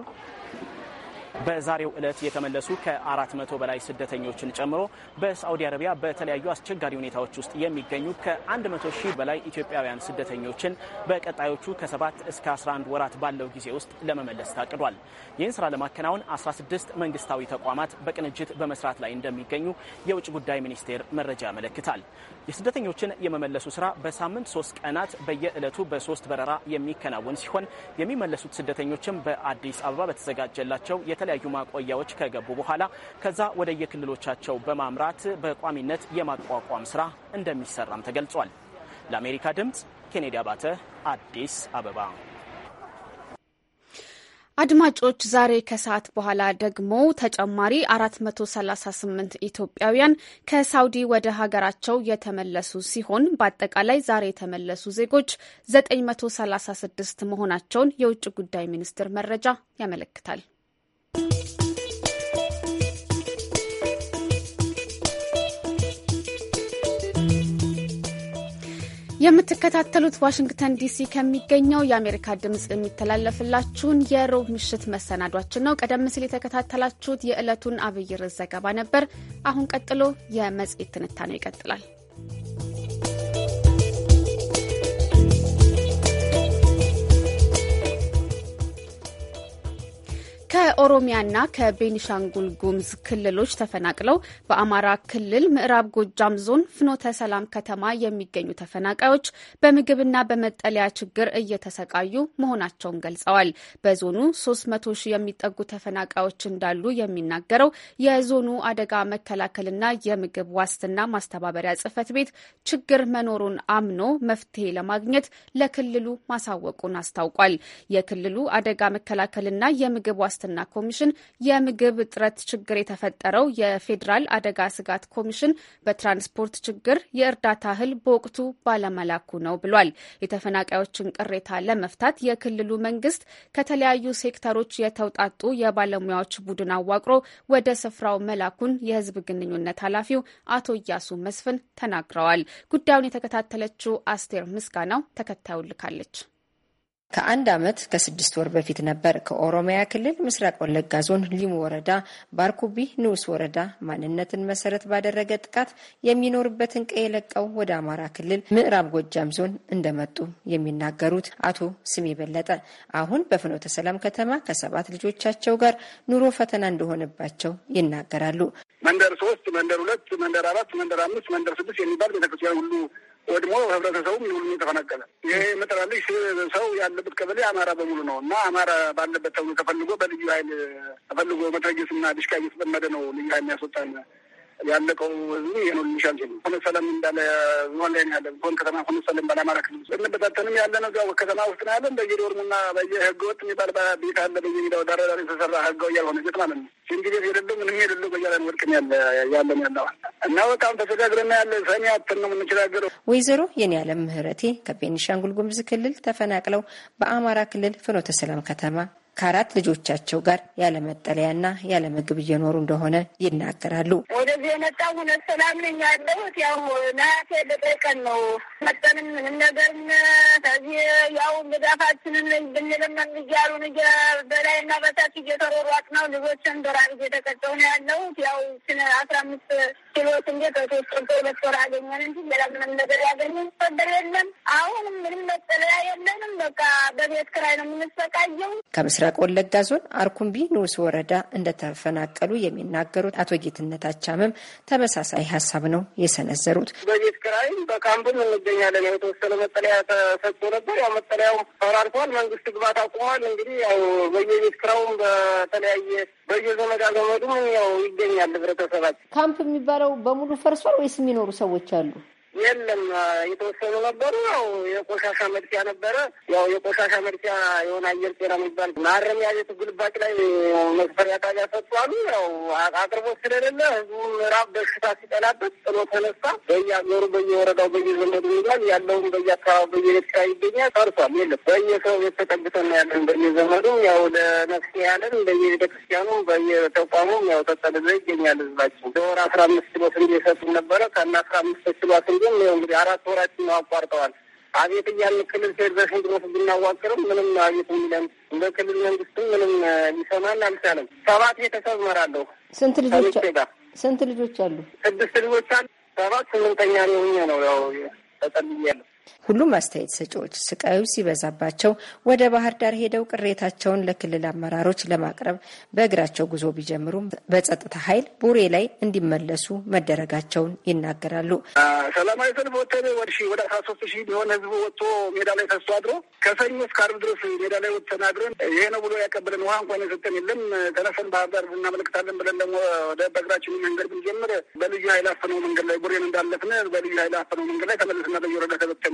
በዛሬው ዕለት የተመለሱ ከአራት መቶ በላይ ስደተኞችን ጨምሮ በሳዑዲ አረቢያ በተለያዩ አስቸጋሪ ሁኔታዎች ውስጥ የሚገኙ ከአንድ መቶ ሺህ በላይ ኢትዮጵያውያን ስደተኞችን በቀጣዮቹ ከሰባት እስከ 11 ወራት ባለው ጊዜ ውስጥ ለመመለስ ታቅዷል። ይህን ስራ ለማከናወን 16 መንግስታዊ ተቋማት በቅንጅት በመስራት ላይ እንደሚገኙ የውጭ ጉዳይ ሚኒስቴር መረጃ ያመለክታል። የስደተኞችን የመመለሱ ስራ በሳምንት ሶስት ቀናት በየዕለቱ በሶስት በረራ የሚከናወን ሲሆን የሚመለሱት ስደተኞችም በአዲስ አበባ በተዘጋጀላቸው የተለያዩ ማቆያዎች ከገቡ በኋላ ከዛ ወደ የክልሎቻቸው በማምራት በቋሚነት የማቋቋም ስራ እንደሚሰራም ተገልጿል። ለአሜሪካ ድምፅ ኬኔዲ አባተ አዲስ አበባ አድማጮች ዛሬ ከሰዓት በኋላ ደግሞ ተጨማሪ 438 ኢትዮጵያውያን ከሳውዲ ወደ ሀገራቸው የተመለሱ ሲሆን በአጠቃላይ ዛሬ የተመለሱ ዜጎች 936 መሆናቸውን የውጭ ጉዳይ ሚኒስቴር መረጃ ያመለክታል። የምትከታተሉት ዋሽንግተን ዲሲ ከሚገኘው የአሜሪካ ድምፅ የሚተላለፍላችሁን የሮብ ምሽት መሰናዷችን ነው። ቀደም ሲል የተከታተላችሁት የዕለቱን አብይ ርዕስ ዘገባ ነበር። አሁን ቀጥሎ የመጽሔት ትንታኔው ይቀጥላል። ከኦሮሚያና ከቤኒሻንጉል ጉምዝ ክልሎች ተፈናቅለው በአማራ ክልል ምዕራብ ጎጃም ዞን ፍኖተ ሰላም ከተማ የሚገኙ ተፈናቃዮች በምግብና በመጠለያ ችግር እየተሰቃዩ መሆናቸውን ገልጸዋል። በዞኑ 300 ሺህ የሚጠጉ ተፈናቃዮች እንዳሉ የሚናገረው የዞኑ አደጋ መከላከልና የምግብ ዋስትና ማስተባበሪያ ጽህፈት ቤት ችግር መኖሩን አምኖ መፍትሄ ለማግኘት ለክልሉ ማሳወቁን አስታውቋል። የክልሉ አደጋ መከላከልና የምግብ ዋስትና ዋስትና ኮሚሽን፣ የምግብ እጥረት ችግር የተፈጠረው የፌዴራል አደጋ ስጋት ኮሚሽን በትራንስፖርት ችግር የእርዳታ እህል በወቅቱ ባለመላኩ ነው ብሏል። የተፈናቃዮችን ቅሬታ ለመፍታት የክልሉ መንግስት ከተለያዩ ሴክተሮች የተውጣጡ የባለሙያዎች ቡድን አዋቅሮ ወደ ስፍራው መላኩን የህዝብ ግንኙነት ኃላፊው አቶ እያሱ መስፍን ተናግረዋል። ጉዳዩን የተከታተለችው አስቴር ምስጋናው ተከታዩን ልካለች። ከአንድ ዓመት ከስድስት ወር በፊት ነበር ከኦሮሚያ ክልል ምስራቅ ወለጋ ዞን ሊሙ ወረዳ ባርኩቢ ንዑስ ወረዳ ማንነትን መሰረት ባደረገ ጥቃት የሚኖርበትን ቀዬ ለቀው ወደ አማራ ክልል ምዕራብ ጎጃም ዞን እንደመጡ የሚናገሩት አቶ ስሜ በለጠ አሁን በፍኖተ ሰላም ከተማ ከሰባት ልጆቻቸው ጋር ኑሮ ፈተና እንደሆነባቸው ይናገራሉ። መንደር ሶስት መንደር ሁለት መንደር አራት መንደር አምስት መንደር ስድስት የሚባል ቤተክርስቲያን ሁሉ ወድሞ ህብረተሰቡ ሙሉ ተፈናቀለ። ይሄ የምጠራልሽ ሰው ያለበት ቀበሌ አማራ በሙሉ ነው እና አማራ ባለበት ተብሎ ተፈልጎ በልዩ ኃይል ተፈልጎ መትረየስና ዲሽቃ እየተጠመደ ነው ልዩ ኃይል የሚያስወጣን ያለቀው ህዝቡ ይኖልሻል ሲሉ ሆነ ሰለም እንዳለ ዞን ላይ ያለ ዞን ከተማ ሆነ ሰለም ባለአማራ ክልል እንበታተንም ያለ ነው። ያው ከተማ ውስጥ ነው ያለን። በየዶርሙና በየህገወጥ የሚባል ቤት አለ። በየሜዳው ዳር ዳር የተሰራ ህጋዊ ያልሆነ ቤት ማለት ነው። ሽንት ቤት የሌለው ምንም የሌለው በያለን ወድቅን ያለ ያለን ያለው እና በጣም ተሸጋግረና ያለ ሰሚ አትን ነው የምንቸጋገረው። ወይዘሮ የኔ ያለም ምህረቴ ከቤኒሻንጉል ጉሙዝ ክልል ተፈናቅለው በአማራ ክልል ፍኖተ ሰላም ከተማ ከአራት ልጆቻቸው ጋር ያለመጠለያና ያለምግብ እየኖሩ እንደሆነ ይናገራሉ። ወደዚህ የመጣ እውነት ሰላም ነኝ ያለሁት ያው ነሐሴ ልጠቀን ነው። መጠንም ምንም ነገርም ከዚህ ያው ድጋፋችንን ብንለመን እያሉን በላይና በታች እየተሮሯጥ ነው። ልጆችን በራብ እየተቀጠው ነው ያለሁት ያው ስነ አስራ አምስት ችሎት እንደ ከተወሰንከ ሁለት ወር አገኘን እንጂ ሌላ ምንም ነገር ያገኘን ሰበር የለም። አሁንም ምንም መጠለያ የለንም። በቃ በቤት ክራይ ነው የምንሰቃየው። ከምስራቅ ወለጋ ዞን አርኩምቢ ንዑስ ወረዳ እንደተፈናቀሉ የሚናገሩት አቶ ጌትነት አቻምም ተመሳሳይ ሀሳብ ነው የሰነዘሩት። በቤት ክራይ በካምፕም እንገኛለን። ያው የተወሰነ መጠለያ ተሰጥቶ ነበር። ያው መጠለያው ተራርፏል። መንግስት ግባት አቁሟል። እንግዲህ ያው በየቤት ክራውም በተለያየ በየዘመድ አዘመዱ ያው ይገኛል ህብረተሰባችን። ካምፕ የሚባለው በሙሉ ፈርሷል ወይስ የሚኖሩ ሰዎች አሉ? የለም የተወሰኑ ነበሩ። ያው የቆሻሻ መድፊያ ነበረ። ያው የቆሻሻ መድፊያ የሆነ አየር ጤና የሚባል ማረሚያ ቤቱ ግልባጭ ላይ መስፈሪያ ጣቢያ ሰጥቷሉ። ያው አቅርቦት ስለሌለ ህዝቡ ራብ በሽታ ሲጠላበት ጥሎ ተነሳ። በየአገሩ በየወረዳው በየዘመዱ ይላል ያለውን በየአካባቢ በየቤት ይገኛል ሰርቷል። የለም በየሰው ቤት ተጠግተን ያለን በየዘመዱ ያው ለነፍስ ያለን በየቤተክርስቲያኑ ክርስቲያኑ በየተቋሙ ያው ተጠልዘ ይገኛል ህዝባችን። ለወር አስራ አምስት ኪሎ ስንዴ ሰጡን ነበረ ከና አስራ አምስት ኪሎ ስንዴ ነው እንግዲህ አራት ወራችን አቋርጠዋል። አቤት እያልን ክልል ፌዴሬሽን ድረስ ብናዋቅርም ምንም አቤት የሚለን እንደ ክልል መንግስትም ምንም ሊሰማን አልቻለም። ሰባት ቤተሰብ እመራለሁ። ስንት ልጆች ስንት ልጆች አሉ? ስድስት ልጆች አሉ። ሰባት ስምንተኛ ነው ነው ያው ተጠልያለሁ ሁሉም አስተያየት ሰጪዎች ስቃዩ ሲበዛባቸው ወደ ባህር ዳር ሄደው ቅሬታቸውን ለክልል አመራሮች ለማቅረብ በእግራቸው ጉዞ ቢጀምሩም በጸጥታ ኃይል ቡሬ ላይ እንዲመለሱ መደረጋቸውን ይናገራሉ። ሰላማዊ ሰልፍ ወተን ወደ ሺ ወደ አስራ ሶስት ሺህ ቢሆን ህዝቡ ወጥቶ ሜዳ ላይ ተስቶ አድሮ ከሰኞ እስከ ዓርብ ድረስ ሜዳ ላይ ወጥ ተናግረን ይሄ ነው ብሎ ያቀበለን ውሃ እንኳን የሰጠን የለም። ተነሰን ባህር ዳር እናመለክታለን ብለን ደግሞ ወደ በእግራችን መንገድ ብንጀምር በልዩ ኃይል አፈነው መንገድ ላይ ቡሬን እንዳለፍነ በልዩ ኃይል አፈነው መንገድ ላይ ተመልስና በየወረዳ ተበተን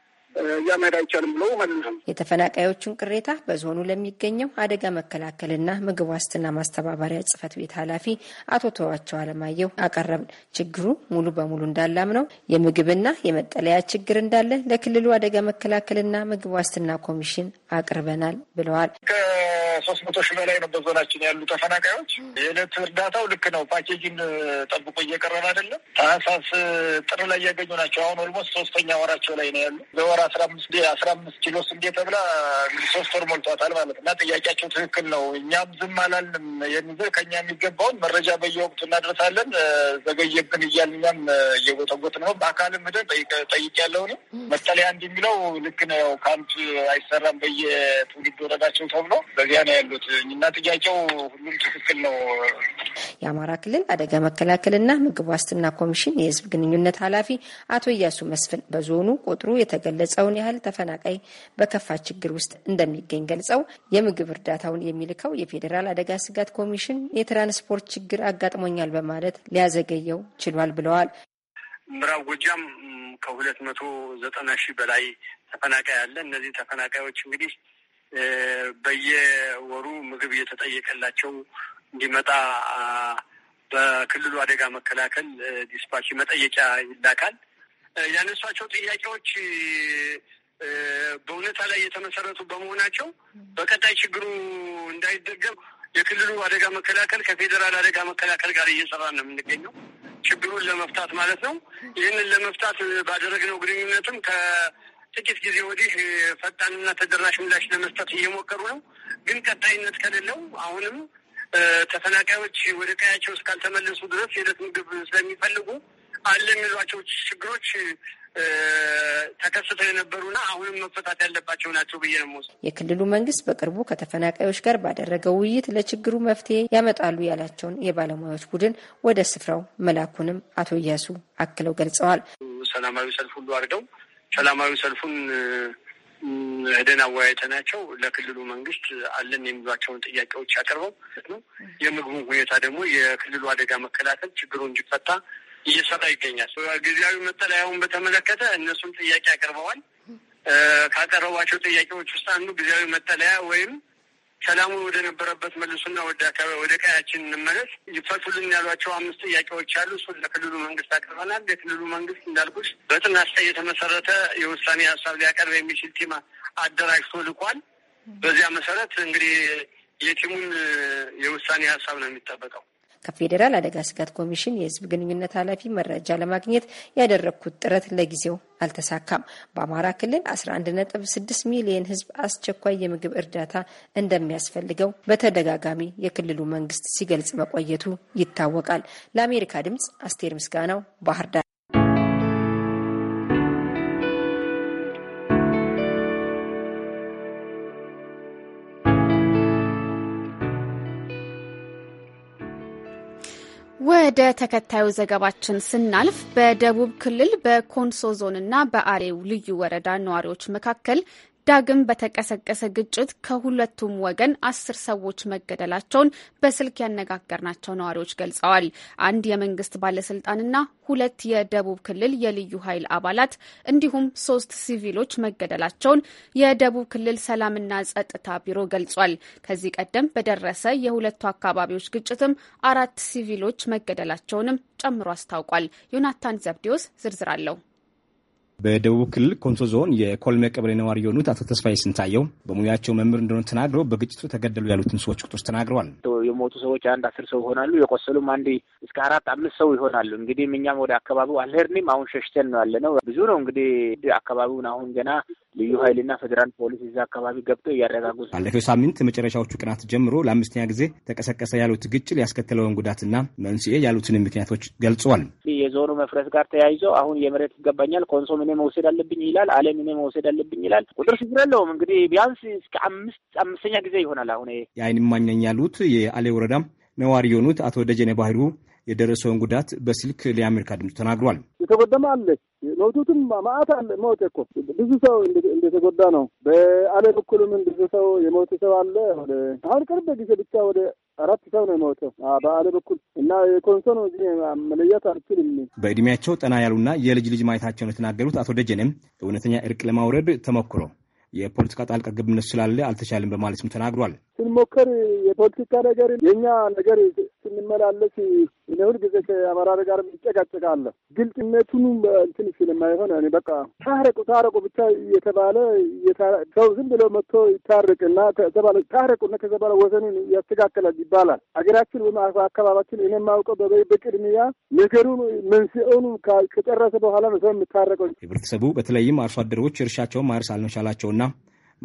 እያመሄድ አይቻልም ብሎ መልሷል። የተፈናቃዮቹን ቅሬታ በዞኑ ለሚገኘው አደጋ መከላከልና ምግብ ዋስትና ማስተባበሪያ ጽፈት ቤት ኃላፊ አቶ ተዋቸው አለማየሁ አቀረብን። ችግሩ ሙሉ በሙሉ እንዳላም ነው የምግብና የመጠለያ ችግር እንዳለ ለክልሉ አደጋ መከላከልና ምግብ ዋስትና ኮሚሽን አቅርበናል ብለዋል። ከሶስት መቶ ሺህ በላይ ነው በዞናችን ያሉ ተፈናቃዮች። የዕለት እርዳታው ልክ ነው ፓኬጅን ጠብቆ እየቀረበ አይደለም። ታህሳስ ጥር ላይ እያገኙ ናቸው። አሁን ኦልሞስት ሶስተኛ ወራቸው ላይ ነው ያሉ አስራ አምስት አስራ አምስት ኪሎ ስንዴ ተብላ እንግዲህ ሶስት ወር ሞልቷታል ማለት እና ጥያቄያቸው ትክክል ነው። እኛም ዝም አላልንም። የሚዘ ከኛ የሚገባውን መረጃ በየወቅቱ እናደርሳለን። ዘገየብን እያል እኛም እየጎተጎት ነው። በአካልም ያለው ነው። መጠለያ እንዲህ የሚለው ልክ ነው። ያው ካምፕ አይሰራም በየትውልድ ወረዳቸው ተብሎ በዚያ ነው ያሉት እና ጥያቄው ሁሉም ትክክል ነው። የአማራ ክልል አደጋ መከላከልና ምግብ ዋስትና ኮሚሽን የህዝብ ግንኙነት ኃላፊ አቶ እያሱ መስፍን በዞኑ ቁጥሩ የተገለጸ የገለጸውን ያህል ተፈናቃይ በከፋ ችግር ውስጥ እንደሚገኝ ገልጸው የምግብ እርዳታውን የሚልከው የፌዴራል አደጋ ስጋት ኮሚሽን የትራንስፖርት ችግር አጋጥሞኛል በማለት ሊያዘገየው ችሏል ብለዋል። ምዕራብ ጎጃም ከሁለት መቶ ዘጠና ሺህ በላይ ተፈናቃይ አለ። እነዚህ ተፈናቃዮች እንግዲህ በየወሩ ምግብ እየተጠየቀላቸው እንዲመጣ በክልሉ አደጋ መከላከል ዲስፓች መጠየቂያ ይላካል። ያነሷቸው ጥያቄዎች በእውነታ ላይ የተመሰረቱ በመሆናቸው በቀጣይ ችግሩ እንዳይደገም የክልሉ አደጋ መከላከል ከፌዴራል አደጋ መከላከል ጋር እየሰራ ነው የምንገኘው ችግሩን ለመፍታት ማለት ነው። ይህንን ለመፍታት ባደረግነው ግንኙነትም ከጥቂት ጊዜ ወዲህ ፈጣንና ተደራሽ ምላሽ ለመስጠት እየሞከሩ ነው። ግን ቀጣይነት ከሌለው አሁንም ተፈናቃዮች ወደ ቀያቸው እስካልተመለሱ ድረስ የዕለት ምግብ ስለሚፈልጉ አለ የሚሏቸው ችግሮች ተከስተው የነበሩና አሁንም መፈታት ያለባቸው ናቸው ብዬ ነው የምወስደው። የክልሉ መንግስት በቅርቡ ከተፈናቃዮች ጋር ባደረገው ውይይት ለችግሩ መፍትሄ ያመጣሉ ያላቸውን የባለሙያዎች ቡድን ወደ ስፍራው መላኩንም አቶ እያሱ አክለው ገልጸዋል። ሰላማዊ ሰልፍ ሁሉ አድርገው ሰላማዊ ሰልፉን ሄደን አወያየተናቸው ለክልሉ መንግስት አለን የሚሏቸውን ጥያቄዎች ያቀርበው ነው። የምግቡ ሁኔታ ደግሞ የክልሉ አደጋ መከላከል ችግሩ እንዲፈታ እየሰራ ይገኛል። ጊዜያዊ መጠለያውን በተመለከተ እነሱም ጥያቄ አቅርበዋል። ካቀረቧቸው ጥያቄዎች ውስጥ አንዱ ጊዜያዊ መጠለያ ወይም ሰላሙ ወደ ነበረበት መልሱና ወደ አካባቢ ወደ ቀያችን እንመለስ ይፈቱልን ያሏቸው አምስት ጥያቄዎች አሉ። እሱን ለክልሉ መንግስት አቅርበናል። የክልሉ መንግስት እንዳልኩሽ በጥናት ላይ የተመሰረተ የውሳኔ ሀሳብ ሊያቀርብ የሚችል ቲም አደራጅቶ ልኳል። በዚያ መሰረት እንግዲህ የቲሙን የውሳኔ ሀሳብ ነው የሚጠበቀው። ከፌዴራል አደጋ ስጋት ኮሚሽን የህዝብ ግንኙነት ኃላፊ መረጃ ለማግኘት ያደረግኩት ጥረት ለጊዜው አልተሳካም። በአማራ ክልል 11.6 ሚሊዮን ህዝብ አስቸኳይ የምግብ እርዳታ እንደሚያስፈልገው በተደጋጋሚ የክልሉ መንግስት ሲገልጽ መቆየቱ ይታወቃል። ለአሜሪካ ድምጽ አስቴር ምስጋናው ባህር ዳር ወደ ተከታዩ ዘገባችን ስናልፍ በደቡብ ክልል በኮንሶ ዞንና በአሌው ልዩ ወረዳ ነዋሪዎች መካከል ዳግም በተቀሰቀሰ ግጭት ከሁለቱም ወገን አስር ሰዎች መገደላቸውን በስልክ ያነጋገርናቸው ነዋሪዎች ገልጸዋል። አንድ የመንግስት ባለስልጣንና ሁለት የደቡብ ክልል የልዩ ኃይል አባላት እንዲሁም ሶስት ሲቪሎች መገደላቸውን የደቡብ ክልል ሰላምና ጸጥታ ቢሮ ገልጿል። ከዚህ ቀደም በደረሰ የሁለቱ አካባቢዎች ግጭትም አራት ሲቪሎች መገደላቸውንም ጨምሮ አስታውቋል። ዮናታን ዘብዴዎስ ዝርዝር አለው። በደቡብ ክልል ኮንሶ ዞን የኮልሜ ቀበሌ ነዋሪ የሆኑት አቶ ተስፋዬ ስንታየው በሙያቸው መምህር እንደሆነ ተናግረው በግጭቱ ተገደሉ ያሉትን ሰዎች ቁጥር ተናግረዋል። የሞቱ ሰዎች አንድ አስር ሰው ይሆናሉ። የቆሰሉም አንድ እስከ አራት አምስት ሰው ይሆናሉ። እንግዲህም እኛም ወደ አካባቢው አልሄድንም። አሁን ሸሽተን ነው ያለ ነው። ብዙ ነው እንግዲህ አካባቢውን አሁን ገና ልዩ ኃይልና ፌዴራል ፖሊስ እዛ አካባቢ ገብቶ እያረጋጉ ባለፈው ሳምንት መጨረሻዎቹ ቀናት ጀምሮ ለአምስተኛ ጊዜ ተቀሰቀሰ ያሉት ግጭት ያስከተለውን ጉዳትና መንስኤ ያሉትን ምክንያቶች ገልጸዋል። የዞኑ መፍረስ ጋር ተያይዞ አሁን የመሬት ይገባኛል ኮንሶ እኔ መውሰድ አለብኝ ይላል፣ አለም እኔ መውሰድ አለብኝ ይላል። ቁጥር ችግር የለውም እንግዲህ ቢያንስ እስከ አምስት አምስተኛ ጊዜ ይሆናል። አሁን የአይን እማኝ ያሉት የአሌ ወረዳም ነዋሪ የሆኑት አቶ ደጀኔ ባህሩ የደረሰውን ጉዳት በስልክ ለአሜሪካ ድምፅ ተናግሯል። የተጎደመ አለ መውቱትም ማአት አለ ሞት እኮ ብዙ ሰው እንደተጎዳ ነው። በአለ በኩልም ብዙ ሰው የመውት ሰው አለ። አሁን ቅርብ ጊዜ ብቻ ወደ አራት ሰው ነው የሞተው በአለ በኩል እና የኮንሶ ነው እዚህ መለየት አልችልም። በእድሜያቸው ጠና ያሉና የልጅ ልጅ ማየታቸውን የተናገሩት አቶ ደጀንም እውነተኛ እርቅ ለማውረድ ተሞክሮ የፖለቲካ ጣልቃ ገብነት ስላለ አልተቻለም በማለትም ተናግሯል። ስንሞከር የፖለቲካ ነገር የእኛ ነገር ስንመላለስ እኔ ሁልጊዜ ከአመራር ጋር ይጨቃጨቃለሁ። ግልጽነቱን እንትን ስለማይሆን እኔ በቃ ታረቁ ታረቁ ብቻ እየተባለ ሰው ዝም ብሎ መጥቶ ይታርቅና ተባለ ታረቁ ታረቁና ከተባለ ወሰኑን ያስተካከላል ይባላል። አገራችን ወይም አካባቢያችን እኔ የማውቀው በቅድሚያ ነገሩን መንስኤውን ከጨረሰ በኋላ ነው ሰው የምታረቀው። ህብረተሰቡ በተለይም አርሶ አደሮች እርሻቸውን ማረስ አልመቻላቸውና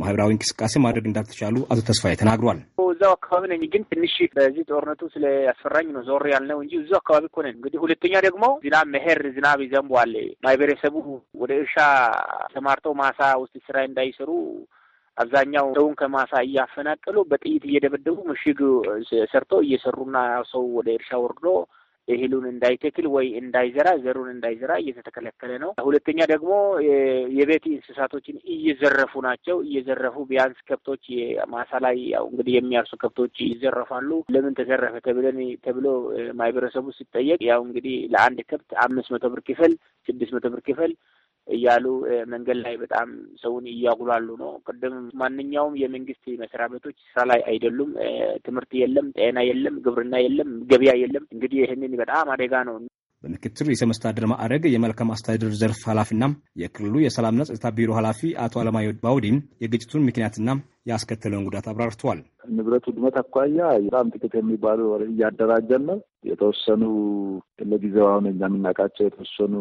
ማህበራዊ እንቅስቃሴ ማድረግ እንዳልተቻሉ አቶ ተስፋዬ ተናግሯል። እዛው አካባቢ ነኝ፣ ግን ትንሽ በዚህ ጦርነቱ ስለያስፈራኝ ነው ዞር ያልነው እንጂ እዛው አካባቢ እኮ ነን። እንግዲህ ሁለተኛ ደግሞ ዝናብ መኸር ዝናብ ይዘንቧል። ማህበረሰቡ ወደ እርሻ ተማርተው ማሳ ውስጥ ስራ እንዳይሰሩ አብዛኛው ሰውን ከማሳ እያፈናቀሉ በጥይት እየደበደቡ ምሽግ ሰርተው እየሰሩና ሰው ወደ እርሻ ወርዶ እህሉን እንዳይተክል ወይ እንዳይዘራ ዘሩን እንዳይዘራ እየተተከለከለ ነው። ሁለተኛ ደግሞ የቤት እንስሳቶችን እየዘረፉ ናቸው። እየዘረፉ ቢያንስ ከብቶች ማሳ ላይ ያው እንግዲህ የሚያርሱ ከብቶች ይዘረፋሉ። ለምን ተዘረፈ ተብለን ተብሎ ማህበረሰቡ ሲጠየቅ ያው እንግዲህ ለአንድ ከብት አምስት መቶ ብር ክፈል፣ ስድስት መቶ ብር ክፈል እያሉ መንገድ ላይ በጣም ሰውን እያጉላሉ ነው። ቅድም ማንኛውም የመንግስት መስሪያ ቤቶች ስራ ላይ አይደሉም። ትምህርት የለም፣ ጤና የለም፣ ግብርና የለም፣ ገበያ የለም። እንግዲህ ይህንን በጣም አደጋ ነው። በምክትል ርዕሰ መስተዳድር ማዕረግ የመልካም አስተዳደር ዘርፍ ኃላፊና የክልሉ የሰላምና ጸጥታ ቢሮ ኃላፊ አቶ አለማየሁ ባውዲም የግጭቱን ምክንያትና ያስከተለውን ጉዳት አብራርተዋል። ንብረት ውድመት አኳያ በጣም ጥቂት የሚባሉ እያደራጀን ነው። የተወሰኑ ለጊዜው አሁን እኛ የምናውቃቸው የተወሰኑ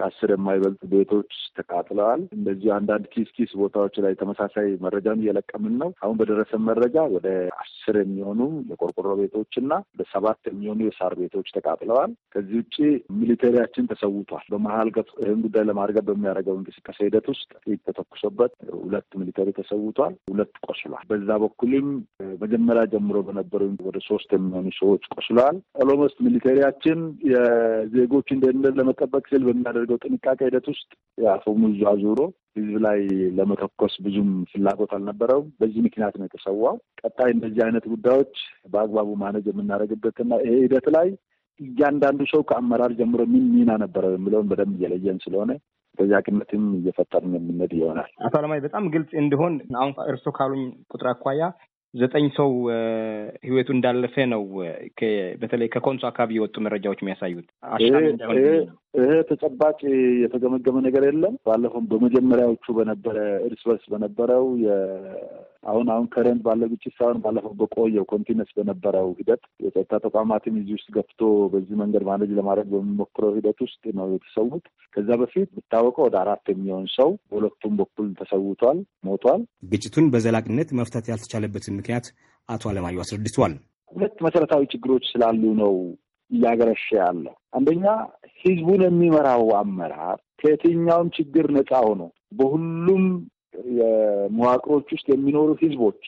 ከአስር የማይበልጡ ቤቶች ተቃጥለዋል። እንደዚህ አንዳንድ ኪስ ኪስ ቦታዎች ላይ ተመሳሳይ መረጃን እየለቀምን ነው። አሁን በደረሰን መረጃ ወደ አስር የሚሆኑ የቆርቆሮ ቤቶች እና ወደ ሰባት የሚሆኑ የሳር ቤቶች ተቃጥለዋል። ከዚህ ውጭ ሚሊቴሪያችን ተሰውቷል። በመሀል ይህን ጉዳይ ለማርገብ በሚያደርገው እንቅስቃሴ ሂደት ውስጥ ጥይት ተተኩሶበት ሁለት ሚሊተሪ ተሰውቷል፣ ሁለት ቆስሏል። በዛ በኩልም መጀመሪያ ጀምሮ በነበሩ ወደ ሶስት የሚሆኑ ሰዎች ቆስሏል። ኦሎሞስት ሚሊቴሪያችን የዜጎችን ደህንነት ለመጠበቅ ሲል በሚያደርገው በሚደረገው ጥንቃቄ ሂደት ውስጥ አፈሙዝ አዙሮ ህዝብ ላይ ለመተኮስ ብዙም ፍላጎት አልነበረው። በዚህ ምክንያት ነው የተሰዋው። ቀጣይ እንደዚህ አይነት ጉዳዮች በአግባቡ ማነጅ የምናደርግበትና ይሄ ሂደት ላይ እያንዳንዱ ሰው ከአመራር ጀምሮ ምን ሚና ነበረው የሚለውን በደንብ እየለየን ስለሆነ ተጠያቂነትም እየፈጠርን የምንሄድ ይሆናል። አቶ አለማይ በጣም ግልጽ እንዲሆን አሁን እርስዎ ካሉኝ ቁጥር አኳያ ዘጠኝ ሰው ህይወቱ እንዳለፈ ነው። በተለይ ከኮንሶ አካባቢ የወጡ መረጃዎች የሚያሳዩት ይሄ ተጨባጭ የተገመገመ ነገር የለም። ባለፈውም በመጀመሪያዎቹ በነበረ እርስ በርስ በነበረው አሁን አሁን ከረንት ባለው ግጭት ሳይሆን ባለፈው በቆየው ኮንቲነስ በነበረው ሂደት የጸጥታ ተቋማትን እዚህ ውስጥ ገፍቶ በዚህ መንገድ ማኔጅ ለማድረግ በሚሞክረው ሂደት ውስጥ ነው የተሰዉት። ከዛ በፊት የሚታወቀው ወደ አራት የሚሆን ሰው በሁለቱም በኩል ተሰውቷል፣ ሞቷል። ግጭቱን በዘላቂነት መፍታት ያልተቻለበትን ምክንያት አቶ አለማየሁ አስረድቷል። ሁለት መሰረታዊ ችግሮች ስላሉ ነው እያገረሸ ያለው። አንደኛ ህዝቡን የሚመራው አመራር ከየትኛውም ችግር ነፃ ሆኖ በሁሉም የመዋቅሮች ውስጥ የሚኖሩ ህዝቦች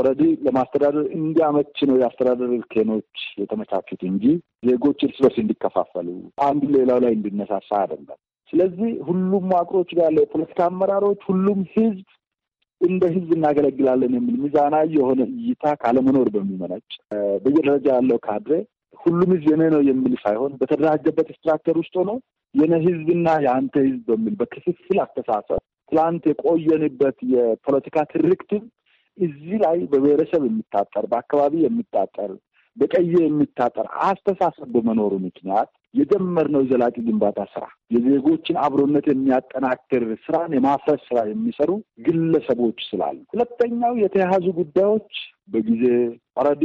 ኦልሬዲ ለማስተዳደር እንዲያመች ነው የአስተዳደር እርከኖች የተመቻቹት እንጂ ዜጎች እርስ በርስ እንዲከፋፈሉ አንዱ ሌላው ላይ እንዲነሳሳ አይደለም። ስለዚህ ሁሉም መዋቅሮች ጋር ያለው የፖለቲካ አመራሮች ሁሉም ህዝብ እንደ ህዝብ እናገለግላለን የሚል ሚዛናዊ የሆነ እይታ ካለመኖር በሚመነጭ በየደረጃ ያለው ካድሬ ሁሉም ህዝብ የኔ ነው የሚል ሳይሆን በተደራጀበት ስትራክቸር ውስጥ ሆኖ የኔ ህዝብና የአንተ ህዝብ በሚል በክፍፍል አስተሳሰብ ትላንት የቆየንበት የፖለቲካ ትርክትም እዚህ ላይ በብሔረሰብ የሚታጠር በአካባቢ የሚታጠር በቀየ የሚታጠር አስተሳሰብ በመኖሩ ምክንያት የጀመርነው የዘላቂ ግንባታ ስራ የዜጎችን አብሮነት የሚያጠናክር ስራን የማፍረስ ስራ የሚሰሩ ግለሰቦች ስላሉ፣ ሁለተኛው የተያያዙ ጉዳዮች በጊዜ ኦልሬዲ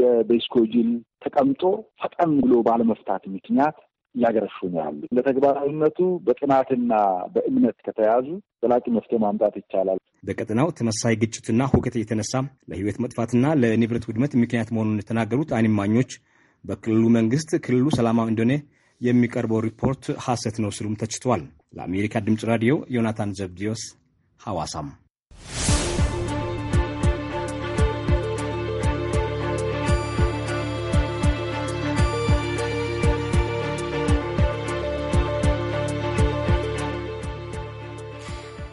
የቤስኮጂን ተቀምጦ ፈጠን ብሎ ባለመፍታት ምክንያት እያገረሹ ነው ያሉ። ለተግባራዊነቱ በጥናትና በእምነት ከተያዙ ዘላቂ መፍትሄ ማምጣት ይቻላል። በቀጠናው ተመሳሳይ ግጭትና ሁከት የተነሳ ለህይወት መጥፋትና ለንብረት ውድመት ምክንያት መሆኑን የተናገሩት አይን እማኞች በክልሉ መንግስት ክልሉ ሰላማዊ እንደሆነ የሚቀርበው ሪፖርት ሐሰት ነው ሲሉም ተችቷል። ለአሜሪካ ድምፅ ራዲዮ ዮናታን ዘብዲዮስ ሐዋሳም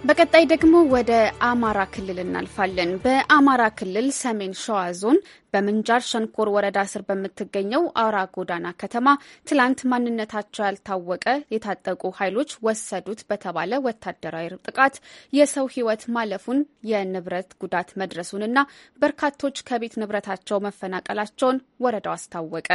በቀጣይ ደግሞ ወደ አማራ ክልል እናልፋለን። በአማራ ክልል ሰሜን ሸዋ ዞን በምንጃር ሸንኮር ወረዳ ስር በምትገኘው አውራ ጎዳና ከተማ ትላንት ማንነታቸው ያልታወቀ የታጠቁ ኃይሎች ወሰዱት በተባለ ወታደራዊ ጥቃት የሰው ሕይወት ማለፉን የንብረት ጉዳት መድረሱንና በርካቶች ከቤት ንብረታቸው መፈናቀላቸውን ወረዳው አስታወቀ።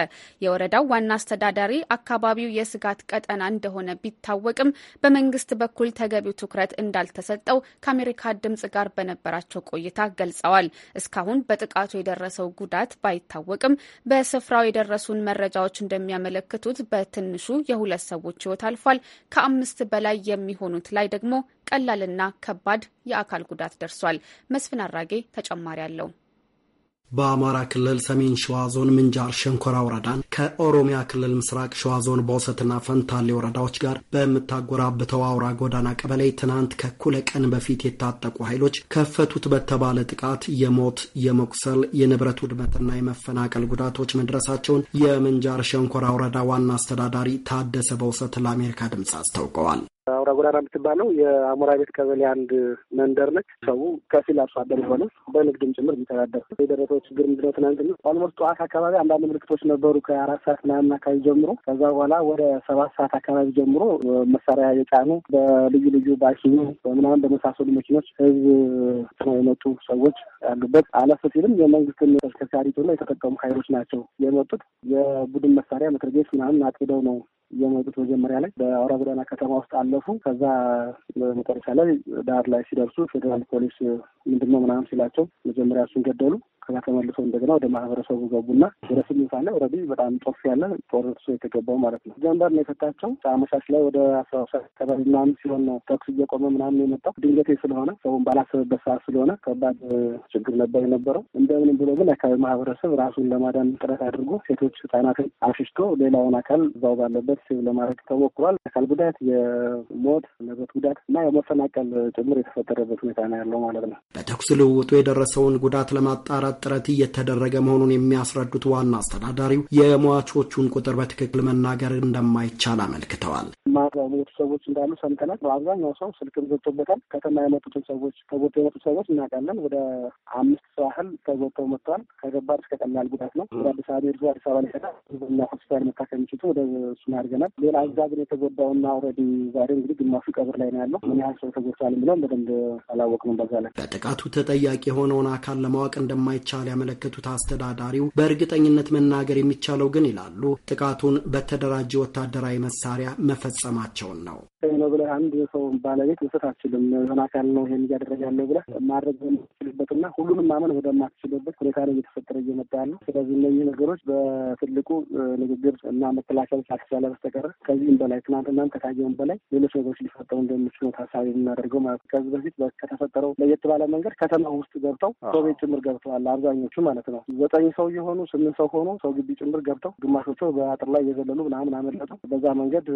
የወረዳው ዋና አስተዳዳሪ አካባቢው የስጋት ቀጠና እንደሆነ ቢታወቅም በመንግስት በኩል ተገቢው ትኩረት እንዳልተሰጠው ከአሜሪካ ድምጽ ጋር በነበራቸው ቆይታ ገልጸዋል። እስካሁን በጥቃቱ የደረሰው ጉዳት ባይታወቅም በስፍራው የደረሱን መረጃዎች እንደሚያመለክቱት በትንሹ የሁለት ሰዎች ህይወት አልፏል። ከአምስት በላይ የሚሆኑት ላይ ደግሞ ቀላልና ከባድ የአካል ጉዳት ደርሷል። መስፍን አራጌ ተጨማሪ አለው። በአማራ ክልል ሰሜን ሸዋ ዞን ምንጃር ሸንኮራ ወረዳን ከኦሮሚያ ክልል ምስራቅ ሸዋ ዞን በውሰትና ፈንታሌ ወረዳዎች ጋር በምታጎራብተው አውራ ጎዳና ቀበሌ ትናንት ከኩለ ቀን በፊት የታጠቁ ኃይሎች ከፈቱት በተባለ ጥቃት የሞት የመቁሰል፣ የንብረት ውድመትና የመፈናቀል ጉዳቶች መድረሳቸውን የምንጃር ሸንኮራ ወረዳ ዋና አስተዳዳሪ ታደሰ በውሰት ለአሜሪካ ድምፅ አስታውቀዋል። አጉራራ የምትባለው የአሞራ ቤት ቀበሌ አንድ መንደር ነች። ሰው ከፊል አርሶ አደር የሆነ በንግድም ጭምር የሚተዳደር የደረሰው ችግር ምንድነው? ትናንትና ኦልሞስት ጠዋት አካባቢ አንዳንድ ምልክቶች ነበሩ ከአራት ሰዓት ምናምን አካባቢ ጀምሮ ከዛ በኋላ ወደ ሰባት ሰዓት አካባቢ ጀምሮ መሳሪያ የጫኑ በልዩ ልዩ ባኪኑ ምናምን በመሳሰሉ መኪኖች ህዝብ ነው የመጡ ሰዎች ያሉበት። አለፍ ሲልም የመንግስትን ተሽከርካሪ የተጠቀሙ ኃይሎች ናቸው የመጡት። የቡድን መሳሪያ ምክር ቤት ምናምን አጥቅደው ነው የመጡት መጀመሪያ ላይ በአውራ ጎዳና ከተማ ውስጥ አለፉ። ከዛ መጨረሻ ላይ ዳር ላይ ሲደርሱ ፌዴራል ፖሊስ ምንድነው ምናምን ሲላቸው መጀመሪያ እሱን ገደሉ። ከዛ ተመልሶ እንደገና ወደ ማህበረሰቡ ገቡና ወደ ስምንት አለ ረዲ በጣም ጦፍ ያለ ጦርሶ የተገባው ማለት ነው። ጀንበር ነው የፈታቸው። አመሻሽ ላይ ወደ አስራ ሁለት አካባቢ ምናምን ሲሆን ተኩስ እየቆመ ምናምን የመጣው ድንገቴ ስለሆነ ሰውን ባላሰበበት ሰዓት ስለሆነ ከባድ ችግር ነበር የነበረው። እንደምንም ብሎ ግን አካባቢ ማህበረሰብ ራሱን ለማዳን ጥረት አድርጎ ሴቶች፣ ህጻናትን አሽሽቶ ሌላውን አካል እዛው ባለበት ሲቪል ለማድረግ ተሞክሯል። አካል ጉዳት፣ የሞት ንብረት ጉዳት እና የመፈናቀል ጭምር የተፈጠረበት ሁኔታ ነው ያለው ማለት ነው። በተኩስ ልውውጡ የደረሰውን ጉዳት ለማጣራት ለማጣራት ጥረት እየተደረገ መሆኑን የሚያስረዱት ዋና አስተዳዳሪው የሟቾቹን ቁጥር በትክክል መናገር እንደማይቻል አመልክተዋል። ቤተሰቦች ሰዎች እንዳሉ ሰምተናል። በአብዛኛው ሰው ስልክም ዘግቶበታል። ከተማ የመጡትን ሰዎች ከቦታ የመጡት ሰዎች እናውቃለን። ወደ አምስት ሰው ያህል ተጎተው መጥተዋል። ከገባር እስከ ቀላል ጉዳት ነው። ወደ አዲስ አበባ ሄዱ። አዲስ አበባ ሄዳ እና ሆስፒታል መታከም የሚችሉ ወደ እሱን አድርገናል። ሌላ እዛ ግን የተጎዳውና ኦልሬዲ ዛሬ እንግዲህ ግማሹ ቀብር ላይ ነው ያለው። ምን ያህል ሰው ተጎድቷል የሚለውን በደንብ አላወቅንም። በዛ ላይ በጥቃቱ ተጠያቂ የሆነውን አካል ለማወቅ እንደማይ እንደሚቻል ያመለከቱት አስተዳዳሪው በእርግጠኝነት መናገር የሚቻለው ግን ይላሉ ጥቃቱን በተደራጀ ወታደራዊ መሳሪያ መፈጸማቸውን ነው። ነው ብለህ አንድ ሰው ባለቤት መስጠት አትችልም። የሆነ አካል ነው ይሄን እያደረገ ያለው ብለህ ማድረግ በምትችልበትና ሁሉንም ማመን ወደማትችልበት ሁኔታ ላይ እየተፈጠረ እየመጣ ያለው። ስለዚህ እነዚህ ነገሮች በትልቁ ንግግር እና መከላከል ካልተቻለ በስተቀር ከዚህም በላይ ትናንትናም ከታየውም በላይ ሌሎች ነገሮች ሊፈጠሩ እንደሚችሉ ነው ታሳቢ የምናደርገው ማለት ነው። ከዚህ በፊት ከተፈጠረው ለየት ባለ መንገድ ከተማ ውስጥ ገብተው ሰው ቤት ጭምር ገብተዋል አብዛኞቹ ማለት ነው። ዘጠኝ ሰው የሆኑ ስምንት ሰው ሆኖ ሰው ግቢ ጭምር ገብተው ግማሾቹ በአጥር ላይ እየዘለሉ ምናምን አመለጡ። በዛ መንገድ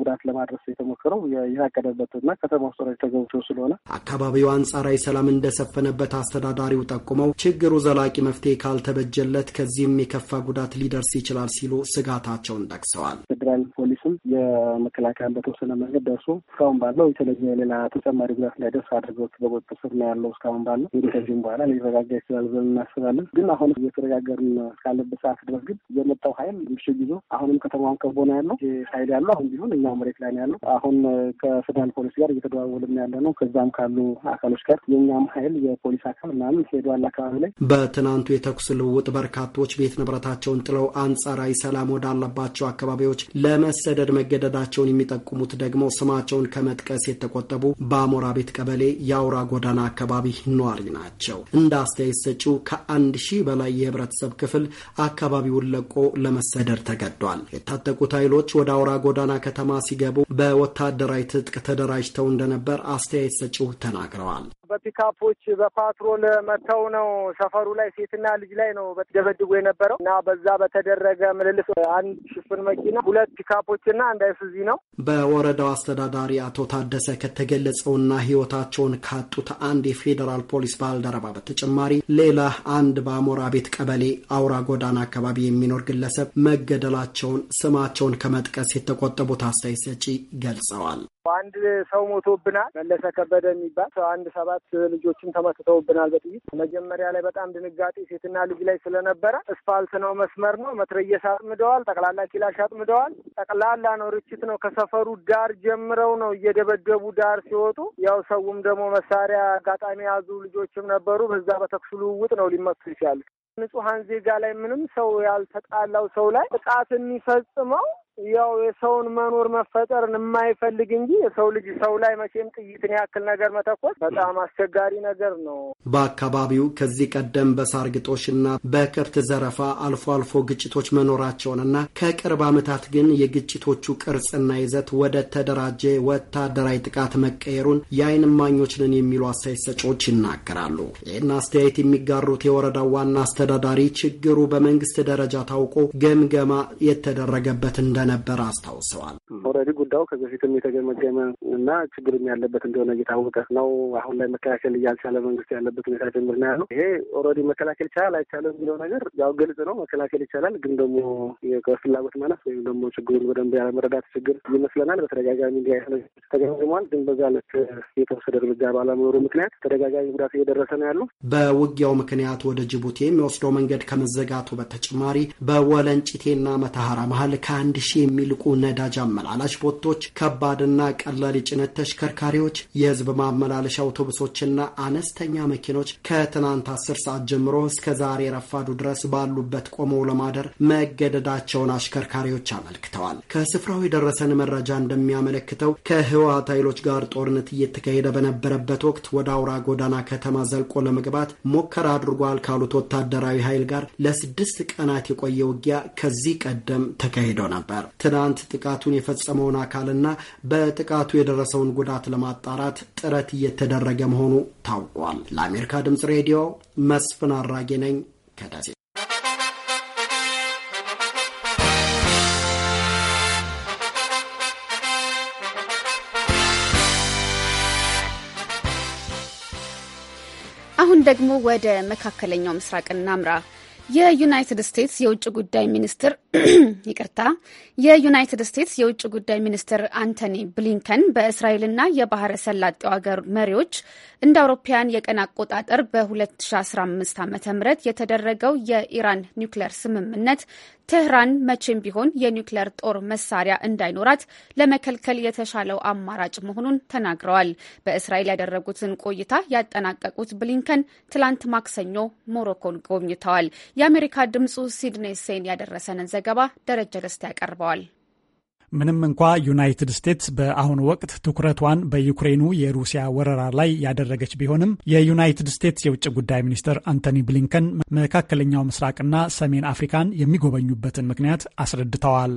ጉዳት ለማድረስ የተሞከሩ የሚያጠነጥነው የታቀደበት እና ከተማ ውስጥ ላይ ተገብቶ ስለሆነ አካባቢው አንጻራዊ ሰላም እንደሰፈነበት አስተዳዳሪው ጠቁመው ችግሩ ዘላቂ መፍትሄ ካልተበጀለት ከዚህም የከፋ ጉዳት ሊደርስ ይችላል ሲሉ ስጋታቸውን ጠቅሰዋል። ፌዴራል ፖሊስም የመከላከያ በተወሰነ መንገድ ደርሶ እስካሁን ባለው የተለየ ሌላ ተጨማሪ ጉዳት እንዳይደርስ አድርገው በቁጥጥር ስር ነው ያለው። እስካሁን ባለው እንግዲህ ከዚህም በኋላ ሊረጋጋ ይችላል ብለን እናስባለን። ግን አሁን እየተረጋገርን እስካለበት ሰዓት ድረስ ግን የመጣው ኃይል ምሽግ ይዞ አሁንም ከተማውን ከቦ ነው ያለው ኃይል ያለው አሁን ቢሆን እኛው መሬት ላይ ነው ያለው አሁን አሁንም ከፌደራል ፖሊስ ጋር እየተደዋወልን ያለ ነው። ከዛም ካሉ አካሎች ጋር የእኛም ኃይል የፖሊስ አካል ምናምን ሄዷል አካባቢ ላይ። በትናንቱ የተኩስ ልውውጥ በርካቶች ቤት ንብረታቸውን ጥለው አንጻራዊ ሰላም ወዳለባቸው አካባቢዎች ለመሰደድ መገደዳቸውን የሚጠቁሙት ደግሞ ስማቸውን ከመጥቀስ የተቆጠቡ በአሞራ ቤት ቀበሌ የአውራ ጎዳና አካባቢ ነዋሪ ናቸው። እንደ አስተያየት ሰጪው ከአንድ ሺህ በላይ የህብረተሰብ ክፍል አካባቢውን ለቆ ለመሰደድ ተገዷል። የታጠቁት ኃይሎች ወደ አውራ ጎዳና ከተማ ሲገቡ በወታ ወታደራዊ ትጥቅ ተደራጅተው እንደነበር አስተያየት ሰጪው ተናግረዋል። በፒካፖች በፓትሮል መጥተው ነው ሰፈሩ ላይ ሴትና ልጅ ላይ ነው በተደበድቦ የነበረው እና በዛ በተደረገ ምልልስ አንድ ሽፍን መኪና፣ ሁለት ፒካፖች እና አንድ አይሱዚ ነው። በወረዳው አስተዳዳሪ አቶ ታደሰ ከተገለጸውና ህይወታቸውን ካጡት አንድ የፌዴራል ፖሊስ ባልደረባ በተጨማሪ ሌላ አንድ በአሞራ ቤት ቀበሌ አውራ ጎዳና አካባቢ የሚኖር ግለሰብ መገደላቸውን ስማቸውን ከመጥቀስ የተቆጠቡት አስተያየት ሰጪ ገልጸዋል። አንድ ሰው ሞቶብናል። መለሰ ከበደ የሚባል አንድ ሰባት ልጆችን ተመትተውብናል በጥይት መጀመሪያ ላይ በጣም ድንጋጤ ሴትና ልጅ ላይ ስለነበረ እስፋልት ነው መስመር ነው መትረየስ አጥምደዋል። ጠቅላላ ኪላሽ አጥምደዋል። ጠቅላላ ነው ርችት ነው። ከሰፈሩ ዳር ጀምረው ነው እየደበደቡ ዳር ሲወጡ ያው ሰውም ደግሞ መሳሪያ አጋጣሚ የያዙ ልጆችም ነበሩ። በዛ በተኩስ ልውውጥ ነው ሊመቱ ይቻሉ ንጹሐን ዜጋ ላይ ምንም ሰው ያልተጣላው ሰው ላይ ጥቃት የሚፈጽመው ያው የሰውን መኖር መፈጠርን የማይፈልግ እንጂ የሰው ልጅ ሰው ላይ መቼም ጥይትን ያክል ነገር መተኮስ በጣም አስቸጋሪ ነገር ነው። በአካባቢው ከዚህ ቀደም በሳር ግጦሽና በከብት ዘረፋ አልፎ አልፎ ግጭቶች መኖራቸውንና ከቅርብ ዓመታት ግን የግጭቶቹ ቅርጽና ይዘት ወደ ተደራጀ ወታደራዊ ጥቃት መቀየሩን የዓይን እማኞች ነን የሚሉ አስተያየት ሰጪዎች ይናገራሉ። ይህን አስተያየት የሚጋሩት የወረዳው ዋና አስተዳዳሪ ችግሩ በመንግስት ደረጃ ታውቆ ገምገማ የተደረገበት እንደ እንደነበር አስታውሰዋል። ጉዳዩ ከዚህ በፊትም የተገመገመ እና ችግርም ያለበት እንደሆነ እየታወቀ ነው። አሁን ላይ መከላከል እያልቻለ መንግስት ያለበት ሁኔታ ጀምር ነው ያለው። ይሄ ኦልሬዲ መከላከል ይቻላል አይቻልም የሚለው ነገር ያው ግልጽ ነው። መከላከል ይቻላል፣ ግን ደግሞ ፍላጎት ማነስ ወይም ደግሞ ችግሩን በደንብ ያለመረዳት ችግር ይመስለናል። በተደጋጋሚ እንዲህ አይነት ግን በዛ ዕለት የተወሰደ እርምጃ ባለመኖሩ ምክንያት ተደጋጋሚ ጉዳት እየደረሰ ነው ያሉ። በውጊያው ምክንያት ወደ ጅቡቲ የሚወስደው መንገድ ከመዘጋቱ በተጨማሪ በወለንጭቴና መተሃራ መሀል ከአንድ ሺህ የሚልቁ ነዳጅ አመላላሽ ቦቶ ትራንስፖርቶች፣ ከባድና ቀላል የጭነት ተሽከርካሪዎች፣ የህዝብ ማመላለሻ አውቶቡሶችና አነስተኛ መኪኖች ከትናንት አስር ሰዓት ጀምሮ እስከ ዛሬ ረፋዱ ድረስ ባሉበት ቆመው ለማደር መገደዳቸውን አሽከርካሪዎች አመልክተዋል። ከስፍራው የደረሰን መረጃ እንደሚያመለክተው ከህወሀት ኃይሎች ጋር ጦርነት እየተካሄደ በነበረበት ወቅት ወደ አውራ ጎዳና ከተማ ዘልቆ ለመግባት ሙከራ አድርጓል ካሉት ወታደራዊ ኃይል ጋር ለስድስት ቀናት የቆየ ውጊያ ከዚህ ቀደም ተካሂዶ ነበር። ትናንት ጥቃቱን የፈጸመውን አካልና በጥቃቱ የደረሰውን ጉዳት ለማጣራት ጥረት እየተደረገ መሆኑ ታውቋል። ለአሜሪካ ድምፅ ሬዲዮ መስፍን አራጌ ነኝ ከደሴ። አሁን ደግሞ ወደ መካከለኛው ምስራቅ እናምራ። የዩናይትድ ስቴትስ የውጭ ጉዳይ ሚኒስትር ይቅርታ፣ የዩናይትድ ስቴትስ የውጭ ጉዳይ ሚኒስትር አንቶኒ ብሊንከን በእስራኤልና የባህረ ሰላጤው ሀገር መሪዎች እንደ አውሮፓውያን የቀን አቆጣጠር በ2015 ዓ ም የተደረገው የኢራን ኒውክሌር ስምምነት ትህራን መቼም ቢሆን የኒውክሌር ጦር መሳሪያ እንዳይኖራት ለመከልከል የተሻለው አማራጭ መሆኑን ተናግረዋል። በእስራኤል ያደረጉትን ቆይታ ያጠናቀቁት ብሊንከን ትላንት ማክሰኞ ሞሮኮን ጎብኝተዋል። የአሜሪካ ድምጹ ሲድኔ ሴን ያደረሰንን ዘገባ ደረጀ ደስታ ያቀርበዋል። ምንም እንኳ ዩናይትድ ስቴትስ በአሁኑ ወቅት ትኩረቷን በዩክሬኑ የሩሲያ ወረራ ላይ ያደረገች ቢሆንም የዩናይትድ ስቴትስ የውጭ ጉዳይ ሚኒስትር አንቶኒ ብሊንከን መካከለኛው ምስራቅና ሰሜን አፍሪካን የሚጎበኙበትን ምክንያት አስረድተዋል።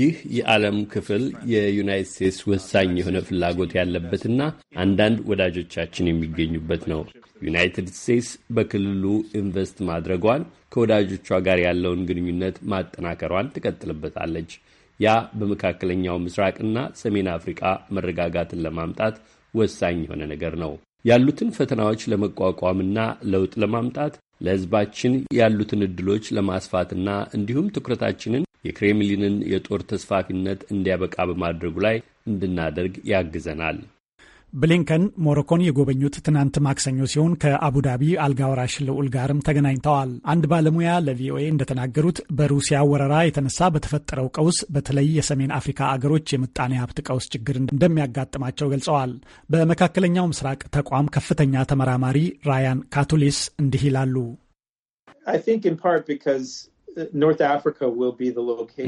ይህ የዓለም ክፍል የዩናይት ስቴትስ ወሳኝ የሆነ ፍላጎት ያለበትና አንዳንድ ወዳጆቻችን የሚገኙበት ነው። ዩናይትድ ስቴትስ በክልሉ ኢንቨስት ማድረጓን ከወዳጆቿ ጋር ያለውን ግንኙነት ማጠናከሯን ትቀጥልበታለች። ያ በመካከለኛው ምስራቅና ሰሜን አፍሪቃ መረጋጋትን ለማምጣት ወሳኝ የሆነ ነገር ነው። ያሉትን ፈተናዎች ለመቋቋምና ለውጥ ለማምጣት ለሕዝባችን ያሉትን ዕድሎች ለማስፋትና እንዲሁም ትኩረታችንን የክሬምሊንን የጦር ተስፋፊነት እንዲያበቃ በማድረጉ ላይ እንድናደርግ ያግዘናል። ብሊንከን ሞሮኮን የጎበኙት ትናንት ማክሰኞ ሲሆን ከአቡዳቢ አልጋወራሽ ልዑል ጋርም ተገናኝተዋል። አንድ ባለሙያ ለቪኦኤ እንደተናገሩት በሩሲያ ወረራ የተነሳ በተፈጠረው ቀውስ በተለይ የሰሜን አፍሪካ አገሮች የምጣኔ ሀብት ቀውስ ችግር እንደሚያጋጥማቸው ገልጸዋል። በመካከለኛው ምስራቅ ተቋም ከፍተኛ ተመራማሪ ራያን ካቱሊስ እንዲህ ይላሉ።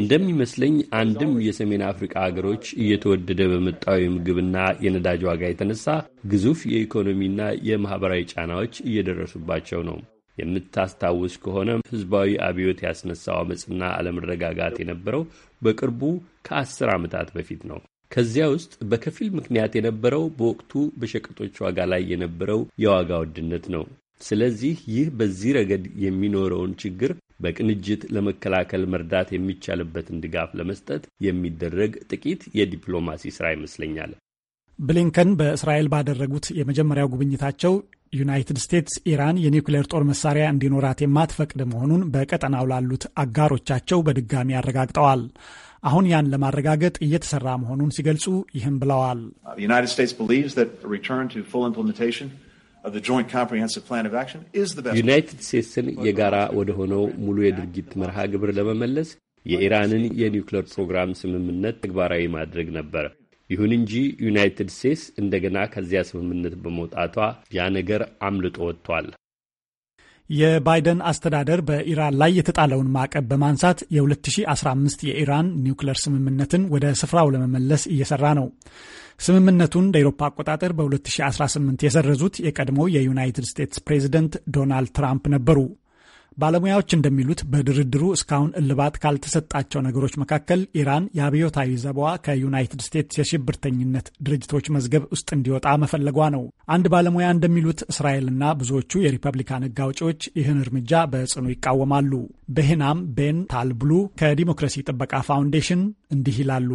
እንደሚመስለኝ አንድም የሰሜን አፍሪካ ሀገሮች እየተወደደ በመጣው የምግብና የነዳጅ ዋጋ የተነሳ ግዙፍ የኢኮኖሚና የማኅበራዊ ጫናዎች እየደረሱባቸው ነው። የምታስታውስ ከሆነ ህዝባዊ አብዮት ያስነሳው አመፅና አለመረጋጋት የነበረው በቅርቡ ከአስር ዓመታት በፊት ነው። ከዚያ ውስጥ በከፊል ምክንያት የነበረው በወቅቱ በሸቀጦች ዋጋ ላይ የነበረው የዋጋ ውድነት ነው። ስለዚህ ይህ በዚህ ረገድ የሚኖረውን ችግር በቅንጅት ለመከላከል መርዳት የሚቻልበትን ድጋፍ ለመስጠት የሚደረግ ጥቂት የዲፕሎማሲ ስራ ይመስለኛል። ብሊንከን በእስራኤል ባደረጉት የመጀመሪያው ጉብኝታቸው ዩናይትድ ስቴትስ ኢራን የኒውክሌር ጦር መሳሪያ እንዲኖራት የማትፈቅድ መሆኑን በቀጠናው ላሉት አጋሮቻቸው በድጋሚ አረጋግጠዋል። አሁን ያን ለማረጋገጥ እየተሰራ መሆኑን ሲገልጹ ይህም ብለዋል። ዩናይትድ ስቴትስን የጋራ ወደ ሆነው ሙሉ የድርጊት መርሃ ግብር ለመመለስ የኢራንን የኒውክሌር ፕሮግራም ስምምነት ተግባራዊ ማድረግ ነበር። ይሁን እንጂ ዩናይትድ ስቴትስ እንደገና ከዚያ ስምምነት በመውጣቷ ያ ነገር አምልጦ ወጥቷል። የባይደን አስተዳደር በኢራን ላይ የተጣለውን ማዕቀብ በማንሳት የ2015 የኢራን ኒውክለር ስምምነትን ወደ ስፍራው ለመመለስ እየሰራ ነው። ስምምነቱን እንደ አውሮፓ አቆጣጠር በ2018 የሰረዙት የቀድሞው የዩናይትድ ስቴትስ ፕሬዚደንት ዶናልድ ትራምፕ ነበሩ። ባለሙያዎች እንደሚሉት በድርድሩ እስካሁን እልባት ካልተሰጣቸው ነገሮች መካከል ኢራን የአብዮታዊ ዘቧ ከዩናይትድ ስቴትስ የሽብርተኝነት ድርጅቶች መዝገብ ውስጥ እንዲወጣ መፈለጓ ነው። አንድ ባለሙያ እንደሚሉት እስራኤልና ብዙዎቹ የሪፐብሊካን ሕግ አውጪዎች ይህን እርምጃ በጽኑ ይቃወማሉ። በሄናም ቤን ታልብሉ ከዲሞክራሲ ጥበቃ ፋውንዴሽን እንዲህ ይላሉ።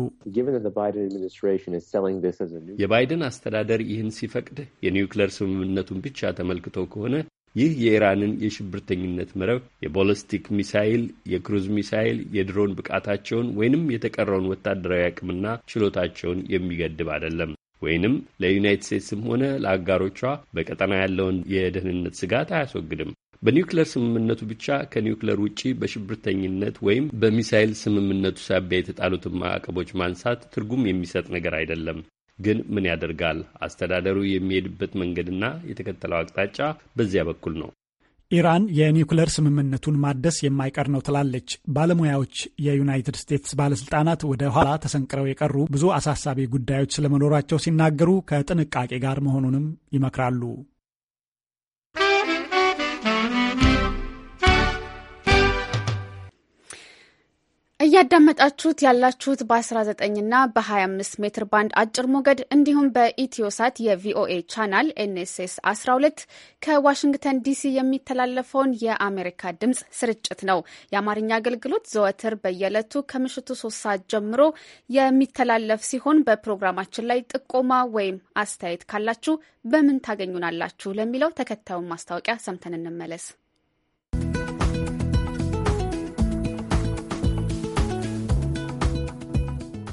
የባይደን አስተዳደር ይህን ሲፈቅድ የኒውክለር ስምምነቱን ብቻ ተመልክቶ ከሆነ ይህ የኢራንን የሽብርተኝነት መረብ የቦለስቲክ ሚሳይል፣ የክሩዝ ሚሳይል፣ የድሮን ብቃታቸውን ወይንም የተቀረውን ወታደራዊ አቅምና ችሎታቸውን የሚገድብ አይደለም ወይንም ለዩናይትድ ስቴትስም ሆነ ለአጋሮቿ በቀጠና ያለውን የደህንነት ስጋት አያስወግድም። በኒውክሌር ስምምነቱ ብቻ ከኒውክሌር ውጪ በሽብርተኝነት ወይም በሚሳይል ስምምነቱ ሳቢያ የተጣሉትን ማዕቀቦች ማንሳት ትርጉም የሚሰጥ ነገር አይደለም። ግን ምን ያደርጋል አስተዳደሩ የሚሄድበት መንገድና የተከተለው አቅጣጫ በዚያ በኩል ነው። ኢራን የኒውክለር ስምምነቱን ማደስ የማይቀር ነው ትላለች። ባለሙያዎች የዩናይትድ ስቴትስ ባለስልጣናት ወደ ኋላ ተሰንቅረው የቀሩ ብዙ አሳሳቢ ጉዳዮች ስለመኖራቸው ሲናገሩ ከጥንቃቄ ጋር መሆኑንም ይመክራሉ። እያዳመጣችሁት ያላችሁት በ19 እና በ25 ሜትር ባንድ አጭር ሞገድ እንዲሁም በኢትዮሳት የቪኦኤ ቻናል ኤንኤስኤስ 12 ከዋሽንግተን ዲሲ የሚተላለፈውን የአሜሪካ ድምፅ ስርጭት ነው። የአማርኛ አገልግሎት ዘወትር በየዕለቱ ከምሽቱ 3 ሰዓት ጀምሮ የሚተላለፍ ሲሆን በፕሮግራማችን ላይ ጥቆማ ወይም አስተያየት ካላችሁ በምን ታገኙናላችሁ ለሚለው ተከታዩን ማስታወቂያ ሰምተን እንመለስ።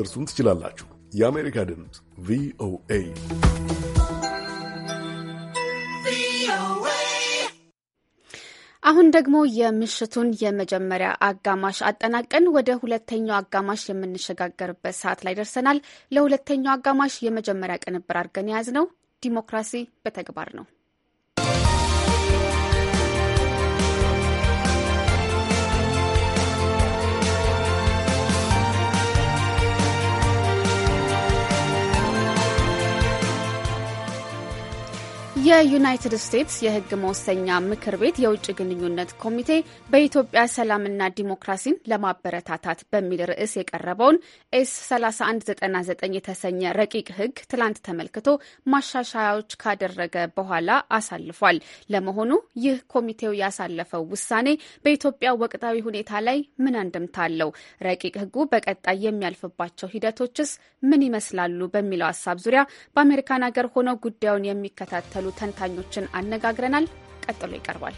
ልትደርሱን ትችላላችሁ። የአሜሪካ ድምፅ ቪኦኤ አሁን ደግሞ የምሽቱን የመጀመሪያ አጋማሽ አጠናቀን ወደ ሁለተኛው አጋማሽ የምንሸጋገርበት ሰዓት ላይ ደርሰናል። ለሁለተኛው አጋማሽ የመጀመሪያ ቅንብር አድርገን የያዝነው ዲሞክራሲ በተግባር ነው። የዩናይትድ ስቴትስ የሕግ መወሰኛ ምክር ቤት የውጭ ግንኙነት ኮሚቴ በኢትዮጵያ ሰላምና ዲሞክራሲን ለማበረታታት በሚል ርዕስ የቀረበውን ኤስ 3199 የተሰኘ ረቂቅ ሕግ ትላንት ተመልክቶ ማሻሻያዎች ካደረገ በኋላ አሳልፏል። ለመሆኑ ይህ ኮሚቴው ያሳለፈው ውሳኔ በኢትዮጵያ ወቅታዊ ሁኔታ ላይ ምን አንድምታ አለው? ረቂቅ ሕጉ በቀጣይ የሚያልፍባቸው ሂደቶችስ ምን ይመስላሉ? በሚለው ሀሳብ ዙሪያ በአሜሪካን ሀገር ሆነው ጉዳዩን የሚከታተሉ ተንታኞችን አነጋግረናል። ቀጥሎ ይቀርባል።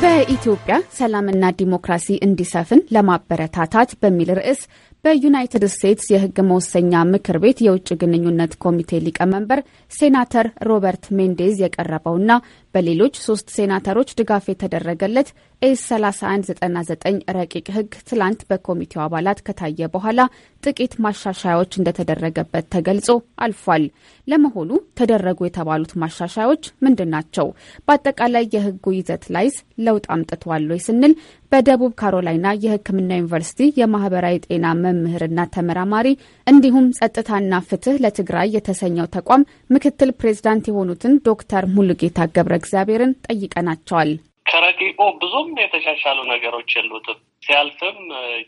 በኢትዮጵያ ሰላምና ዲሞክራሲ እንዲሰፍን ለማበረታታት በሚል ርዕስ በዩናይትድ ስቴትስ የሕግ መወሰኛ ምክር ቤት የውጭ ግንኙነት ኮሚቴ ሊቀመንበር ሴናተር ሮበርት ሜንዴዝ የቀረበውና በሌሎች ሶስት ሴናተሮች ድጋፍ የተደረገለት ኤስ 3199 ረቂቅ ህግ ትላንት በኮሚቴው አባላት ከታየ በኋላ ጥቂት ማሻሻያዎች እንደተደረገበት ተገልጾ አልፏል። ለመሆኑ ተደረጉ የተባሉት ማሻሻያዎች ምንድን ናቸው? በአጠቃላይ የህጉ ይዘት ላይስ ለውጥ አምጥቷል ወይ ስንል በደቡብ ካሮላይና የህክምና ዩኒቨርሲቲ የማህበራዊ ጤና መምህርና ተመራማሪ እንዲሁም ጸጥታና ፍትህ ለትግራይ የተሰኘው ተቋም ምክትል ፕሬዝዳንት የሆኑትን ዶክተር ሙሉጌታ ገብረ እግዚአብሔርን ጠይቀናቸዋል። ከረቂቁ ብዙም የተሻሻሉ ነገሮች የሉትም። ሲያልፍም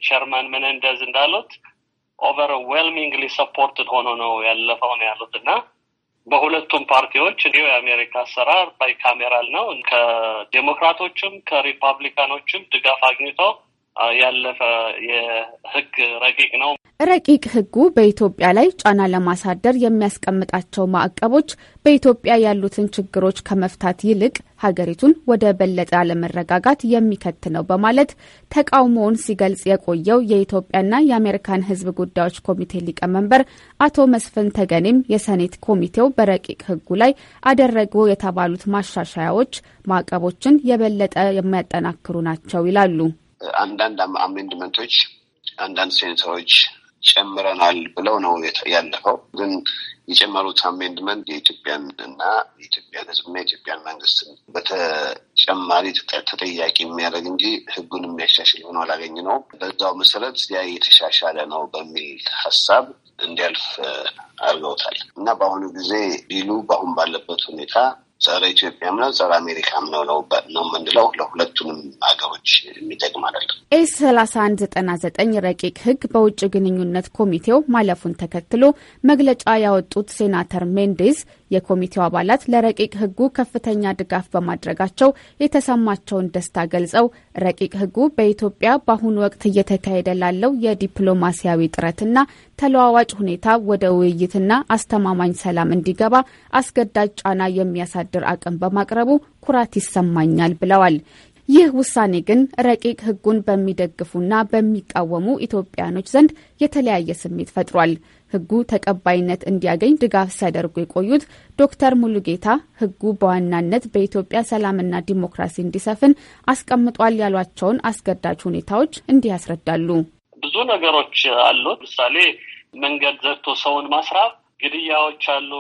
ቸርማን መነንደዝ እንዳሉት ኦቨርዌልሚንግሊ ሰፖርትድ ሆኖ ነው ያለፈው ነው ያሉት እና በሁለቱም ፓርቲዎች እንዲሁ የአሜሪካ አሰራር ባይካሜራል ነው። ከዴሞክራቶችም ከሪፐብሊካኖችም ድጋፍ አግኝተው ያለፈ የህግ ረቂቅ ነው። ረቂቅ ህጉ በኢትዮጵያ ላይ ጫና ለማሳደር የሚያስቀምጣቸው ማዕቀቦች በኢትዮጵያ ያሉትን ችግሮች ከመፍታት ይልቅ ሀገሪቱን ወደ በለጠ አለመረጋጋት የሚከት ነው በማለት ተቃውሞውን ሲገልጽ የቆየው የኢትዮጵያና የአሜሪካን ህዝብ ጉዳዮች ኮሚቴ ሊቀመንበር አቶ መስፍን ተገኔም የሰኔት ኮሚቴው በረቂቅ ህጉ ላይ አደረገው የተባሉት ማሻሻያዎች ማዕቀቦችን የበለጠ የሚያጠናክሩ ናቸው ይላሉ። አንዳንድ አሜንድመንቶች አንዳንድ ሴኔተሮች ጨምረናል ብለው ነው ያለፈው። ግን የጨመሩት አሜንድመንት የኢትዮጵያን እና የኢትዮጵያን ሕዝብና የኢትዮጵያን መንግስት በተጨማሪ ተጠያቂ የሚያደርግ እንጂ ሕጉን የሚያሻሽል ሆኖ አላገኝ ነው። በዛው መሰረት ያ የተሻሻለ ነው በሚል ሀሳብ እንዲያልፍ አድርገውታል እና በአሁኑ ጊዜ ቢሉ በአሁን ባለበት ሁኔታ ጸረ ኢትዮጵያም ነው ጸረ አሜሪካም ነው ነው የምንለው። ለሁለቱንም አገሮች የሚጠቅም አይደለም። ኤስ ሰላሳ አንድ ዘጠና ዘጠኝ ረቂቅ ህግ በውጭ ግንኙነት ኮሚቴው ማለፉን ተከትሎ መግለጫ ያወጡት ሴናተር ሜንዴዝ የኮሚቴው አባላት ለረቂቅ ሕጉ ከፍተኛ ድጋፍ በማድረጋቸው የተሰማቸውን ደስታ ገልጸው ረቂቅ ሕጉ በኢትዮጵያ በአሁኑ ወቅት እየተካሄደ ላለው የዲፕሎማሲያዊ ጥረትና ተለዋዋጭ ሁኔታ ወደ ውይይትና አስተማማኝ ሰላም እንዲገባ አስገዳጅ ጫና የሚያሳድር አቅም በማቅረቡ ኩራት ይሰማኛል ብለዋል። ይህ ውሳኔ ግን ረቂቅ ሕጉን በሚደግፉና በሚቃወሙ ኢትዮጵያኖች ዘንድ የተለያየ ስሜት ፈጥሯል። ህጉ ተቀባይነት እንዲያገኝ ድጋፍ ሲያደርጉ የቆዩት ዶክተር ሙሉጌታ ህጉ በዋናነት በኢትዮጵያ ሰላምና ዲሞክራሲ እንዲሰፍን አስቀምጧል ያሏቸውን አስገዳጅ ሁኔታዎች እንዲህ ያስረዳሉ። ብዙ ነገሮች አሉ። ምሳሌ መንገድ ዘግቶ ሰውን ማስራብ፣ ግድያዎች አሉ።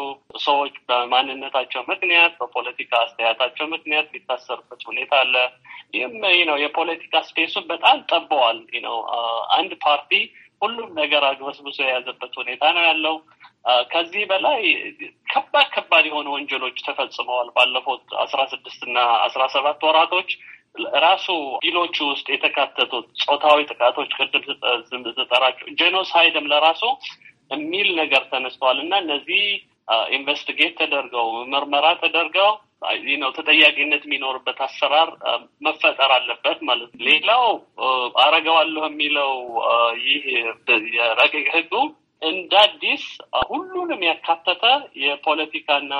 ሰዎች በማንነታቸው ምክንያት፣ በፖለቲካ አስተያየታቸው ምክንያት የሚታሰሩበት ሁኔታ አለ። ይህም ነው የፖለቲካ ስፔሱን በጣም ጠበዋል ነው አንድ ፓርቲ ሁሉም ነገር አግበስብሶ የያዘበት ሁኔታ ነው ያለው። ከዚህ በላይ ከባድ ከባድ የሆኑ ወንጀሎች ተፈጽመዋል። ባለፉት አስራ ስድስት እና አስራ ሰባት ወራቶች ራሱ ዲሎቹ ውስጥ የተካተቱት ጾታዊ ጥቃቶች ቅድም ስጠራቸው ጄኖሳይድም ለራሱ የሚል ነገር ተነስተዋል እና እነዚህ ኢንቨስቲጌት ተደርገው ምርመራ ተደርገው ነው ተጠያቂነት የሚኖርበት አሰራር መፈጠር አለበት ማለት ነው። ሌላው አረገዋለሁ የሚለው ይህ የረቂቅ ህጉ እንደ አዲስ ሁሉንም ያካተተ የፖለቲካና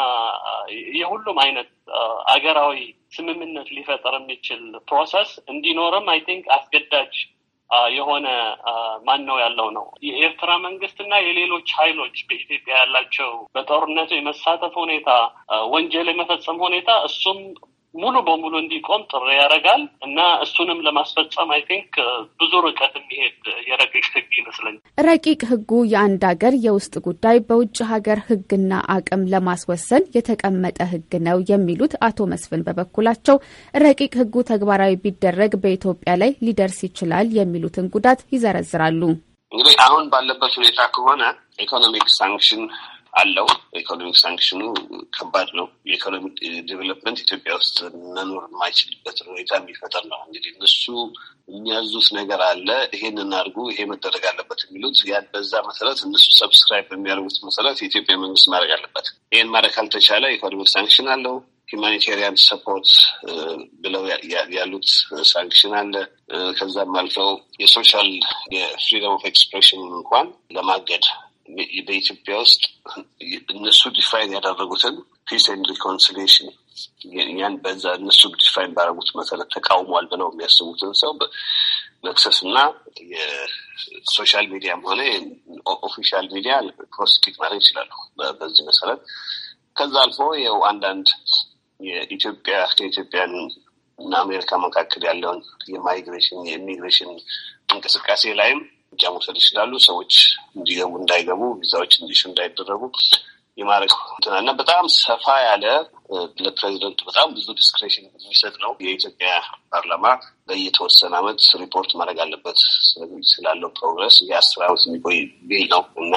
የሁሉም አይነት አገራዊ ስምምነት ሊፈጠር የሚችል ፕሮሰስ እንዲኖርም አይ ቲንክ አስገዳጅ የሆነ ማን ነው ያለው ነው የኤርትራ መንግስትና የሌሎች ኃይሎች በኢትዮጵያ ያላቸው በጦርነቱ የመሳተፍ ሁኔታ፣ ወንጀል የመፈጸም ሁኔታ እሱም ሙሉ በሙሉ እንዲቆም ጥሪ ያደርጋል እና እሱንም ለማስፈጸም አይ ቲንክ uh, ብዙ ርቀት የሚሄድ የረቂቅ ህግ ይመስለኛል። ረቂቅ ህጉ የአንድ ሀገር የውስጥ ጉዳይ በውጭ ሀገር ህግና አቅም ለማስወሰን የተቀመጠ ህግ ነው የሚሉት አቶ መስፍን በበኩላቸው ረቂቅ ህጉ ተግባራዊ ቢደረግ በኢትዮጵያ ላይ ሊደርስ ይችላል የሚሉትን ጉዳት ይዘረዝራሉ። እንግዲህ አሁን ባለበት ሁኔታ ከሆነ ኢኮኖሚክ ሳንክሽን አለው። ኢኮኖሚክ ሳንክሽኑ ከባድ ነው። የኢኮኖሚ ዴቨሎፕመንት ኢትዮጵያ ውስጥ መኖር የማይችልበት ሁኔታ የሚፈጠር ነው። እንግዲህ እነሱ የሚያዙት ነገር አለ። ይሄን እናድርጉ፣ ይሄ መደረግ አለበት የሚሉት ያን በዛ መሰረት እነሱ ሰብስክራይብ በሚያደርጉት መሰረት የኢትዮጵያ መንግስት ማድረግ አለበት። ይሄን ማድረግ ካልተቻለ ኢኮኖሚክ ሳንክሽን አለው። ሂማኒቴሪያን ሰፖርት ብለው ያሉት ሳንክሽን አለ። ከዛም አልፈው የሶሻል የፍሪደም ኦፍ ኤክስፕሬሽን እንኳን ለማገድ በኢትዮጵያ ውስጥ እነሱ ዲፋይን ያደረጉትን ፒስ ኤንድ ሪኮንሲሌሽን ያን በዛ እነሱ ዲፋይን ባደረጉት መሰረት ተቃውሟል ብለው የሚያስቡትን ሰው መክሰስ እና የሶሻል ሚዲያም ሆነ ኦፊሻል ሚዲያ ፕሮስኪት ማድረግ ይችላሉ። በዚህ መሰረት ከዛ አልፎ ይኸው አንዳንድ የኢትዮጵያ ከኢትዮጵያን እና አሜሪካ መካከል ያለውን የማይግሬሽን የኢሚግሬሽን እንቅስቃሴ ላይም እርምጃ መውሰድ ይችላሉ። ሰዎች እንዲገቡ እንዳይገቡ፣ ቪዛዎች እንዲሽ እንዳይደረጉ የማድረግ እና በጣም ሰፋ ያለ ለፕሬዚደንቱ በጣም ብዙ ዲስክሬሽን የሚሰጥ ነው። የኢትዮጵያ ፓርላማ በየተወሰነ አመት ሪፖርት ማድረግ አለበት ስላለው ፕሮግረስ የአስር አመት የሚቆይ ቢል ነው እና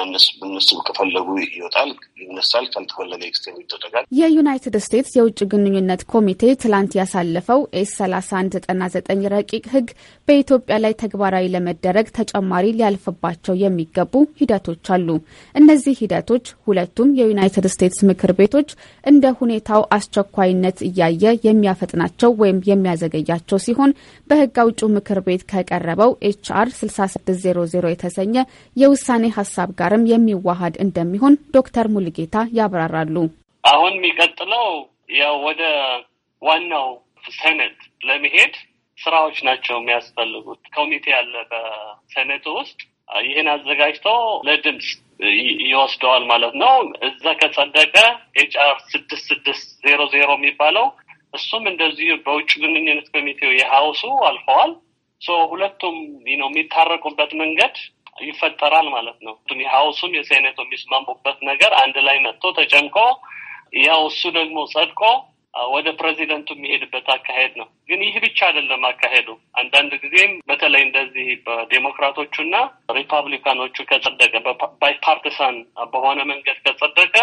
እነሱም ከፈለጉ ይወጣል፣ ይነሳል፣ ካልተፈለገ ኤክስቴንድ ይደረጋል። የዩናይትድ ስቴትስ የውጭ ግንኙነት ኮሚቴ ትላንት ያሳለፈው ኤስ ሰላሳ አንድ ዘጠና ዘጠኝ ረቂቅ ህግ በኢትዮጵያ ላይ ተግባራዊ ለመደረግ ተጨማሪ ሊያልፍባቸው የሚገቡ ሂደቶች አሉ። እነዚህ ሂደቶች ሁለቱም የዩናይትድ ስቴትስ ምክር ቤቶች እንደ ሁኔታው አስቸኳይነት እያየ የሚያፈጥናቸው ወይም የሚያዘገያቸው ሲሆን በህግ አውጪው ምክር ቤት ከቀረበው ኤችአር 6600 የተሰኘ የውሳኔ ሀሳብ ጋርም የሚዋሃድ እንደሚሆን ዶክተር ሙልጌታ ያብራራሉ። አሁን የሚቀጥለው ያው ወደ ዋናው ሴኔት ለመሄድ ስራዎች ናቸው የሚያስፈልጉት። ኮሚቴ ያለ በሰነቱ ውስጥ ይህን አዘጋጅቶ ለድምፅ ይወስደዋል ማለት ነው። እዛ ከጸደቀ ኤችአር ስድስት ስድስት ዜሮ ዜሮ የሚባለው እሱም እንደዚህ በውጭ ግንኙነት ኮሚቴው የሀውሱ አልፈዋል። ሁለቱም ነው የሚታረቁበት መንገድ ይፈጠራል ማለት ነው። የሀውሱም የሴኔቱ የሚስማሙበት ነገር አንድ ላይ መጥቶ ተጨምቆ ያው እሱ ደግሞ ጸድቆ ወደ ፕሬዚደንቱ የሚሄድበት አካሄድ ነው። ግን ይህ ብቻ አይደለም አካሄዱ። አንዳንድ ጊዜም በተለይ እንደዚህ በዴሞክራቶቹ እና ሪፐብሊካኖቹ ከጸደቀ ባይፓርቲሳን በሆነ መንገድ ከጸደቀ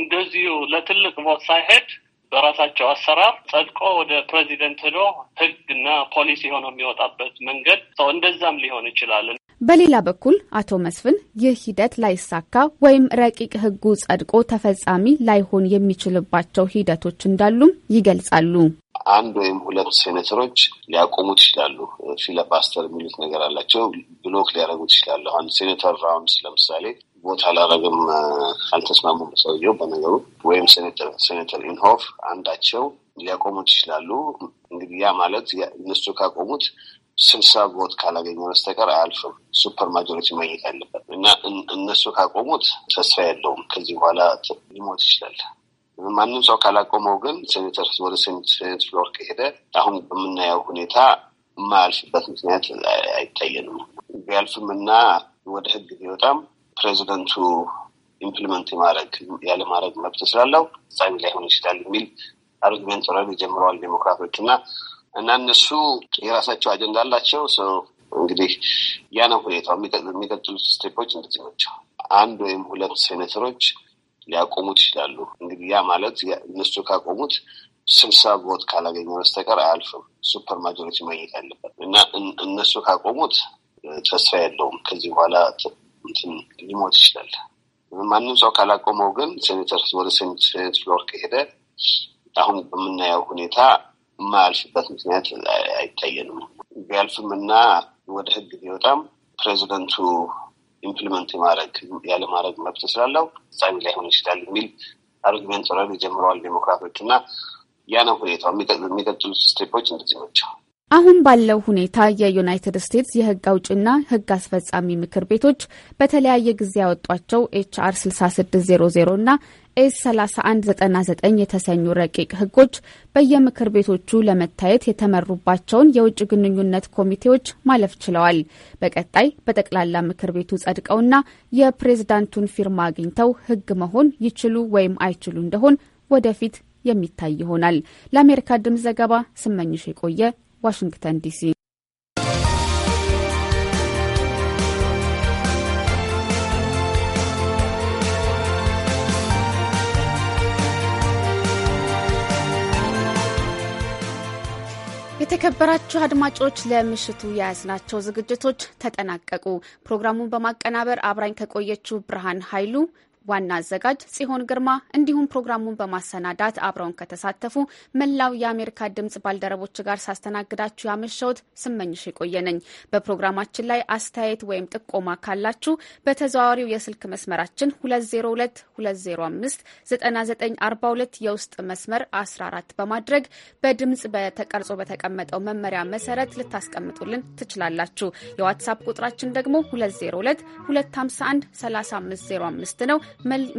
እንደዚሁ ለትልቅ ቦት ሳይሄድ በራሳቸው አሰራር ጸድቆ ወደ ፕሬዚደንት ሄዶ ህግና ፖሊሲ ሆኖ የሚወጣበት መንገድ ሰው እንደዛም ሊሆን ይችላል። በሌላ በኩል አቶ መስፍን ይህ ሂደት ላይሳካ ወይም ረቂቅ ህጉ ጸድቆ ተፈጻሚ ላይሆን የሚችልባቸው ሂደቶች እንዳሉም ይገልጻሉ። አንድ ወይም ሁለት ሴኔተሮች ሊያቆሙት ይችላሉ። ፊለባስተር የሚሉት ነገር አላቸው። ብሎክ ሊያደርጉት ይችላሉ። አንድ ሴኔተር ራውንድስ ለምሳሌ ቦታ አላረግም አልተስማሙም ሰውየው በነገሩ ወይም ሴኔተር ኢንሆፍ አንዳቸው ሊያቆሙት ይችላሉ። እንግዲህ ያ ማለት እነሱ ካቆሙት ስልሳ ቦት ካላገኘ በስተቀር አያልፍም። ሱፐር ማጆሪቲ ማግኘት አለበት እና እነሱ ካቆሙት ተስፋ የለውም። ከዚህ በኋላ ሊሞት ይችላል። ማንም ሰው ካላቆመው ግን ሴኔተር ወደ ሴኔት ፍሎር ከሄደ አሁን በምናየው ሁኔታ የማያልፍበት ምክንያት አይታየንም። ቢያልፍም እና ወደ ህግ ቢወጣም ፕሬዚደንቱ ኢምፕሊመንት ያለ ማድረግ መብት ስላለው ፍጻሜ ሆን ይችላል የሚል አርጊመንት ረ ጀምረዋል ዴሞክራቶች እና እና እነሱ የራሳቸው አጀንዳ አላቸው። እንግዲህ ያ ነው ሁኔታው። የሚቀጥሉት ስቴፖች እንደዚህ ናቸው። አንድ ወይም ሁለት ሴኔተሮች ሊያቆሙት ይችላሉ። እንግዲህ ያ ማለት እነሱ ካቆሙት ስልሳ ቦት ካላገኘ በስተቀር አያልፍም። ሱፐር ማጆሪቲ ማግኘት ያለበት እና እነሱ ካቆሙት ተስፋ የለውም ከዚህ በኋላ እንትን ሊሞት ይችላል። ማንም ሰው ካላቆመው ግን ሴኔተር ወደ ሴኔት ፍሎር ከሄደ አሁን በምናየው ሁኔታ የማያልፍበት ምክንያት አይታየንም። ቢያልፍም እና ወደ ህግ ቢወጣም ፕሬዚደንቱ ኢምፕሊመንት የማድረግ ማድረግ መብት ስላለው ፍጻሜ ላይሆን ይችላል የሚል አርጊመንት ረ ጀምረዋል ዴሞክራቶች እና ያ ነው ሁኔታው። የሚቀጥሉት ስቴፖች እንደዚህ ናቸው። አሁን ባለው ሁኔታ የዩናይትድ ስቴትስ የህግ አውጭና ህግ አስፈጻሚ ምክር ቤቶች በተለያየ ጊዜ ያወጧቸው ኤችአር 6600 እና ኤስ 3199 የተሰኙ ረቂቅ ህጎች በየምክር ቤቶቹ ለመታየት የተመሩባቸውን የውጭ ግንኙነት ኮሚቴዎች ማለፍ ችለዋል። በቀጣይ በጠቅላላ ምክር ቤቱ ጸድቀውና የፕሬዝዳንቱን ፊርማ አግኝተው ህግ መሆን ይችሉ ወይም አይችሉ እንደሆን ወደፊት የሚታይ ይሆናል። ለአሜሪካ ድምፅ ዘገባ ስመኝሽ የቆየ ዋሽንግተን ዲሲ። የተከበራችሁ አድማጮች ለምሽቱ የያዝናቸው ዝግጅቶች ተጠናቀቁ። ፕሮግራሙን በማቀናበር አብራኝ ከቆየችው ብርሃን ኃይሉ ዋና አዘጋጅ ጽሆን ግርማ እንዲሁም ፕሮግራሙን በማሰናዳት አብረውን ከተሳተፉ መላው የአሜሪካ ድምጽ ባልደረቦች ጋር ሳስተናግዳችሁ ያመሸሁት ስመኝሽ የቆየ ነኝ። በፕሮግራማችን ላይ አስተያየት ወይም ጥቆማ ካላችሁ በተዘዋዋሪው የስልክ መስመራችን 2022059942 የውስጥ መስመር 14 በማድረግ በድምጽ በተቀርጾ በተቀመጠው መመሪያ መሰረት ልታስቀምጡልን ትችላላችሁ። የዋትሳፕ ቁጥራችን ደግሞ 202 3505 ነው።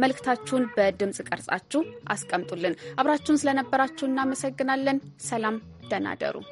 መልእክታችሁን በድምፅ ቀርጻችሁ አስቀምጡልን። አብራችሁን ስለነበራችሁ እናመሰግናለን። ሰላም፣ ደህና ደሩ።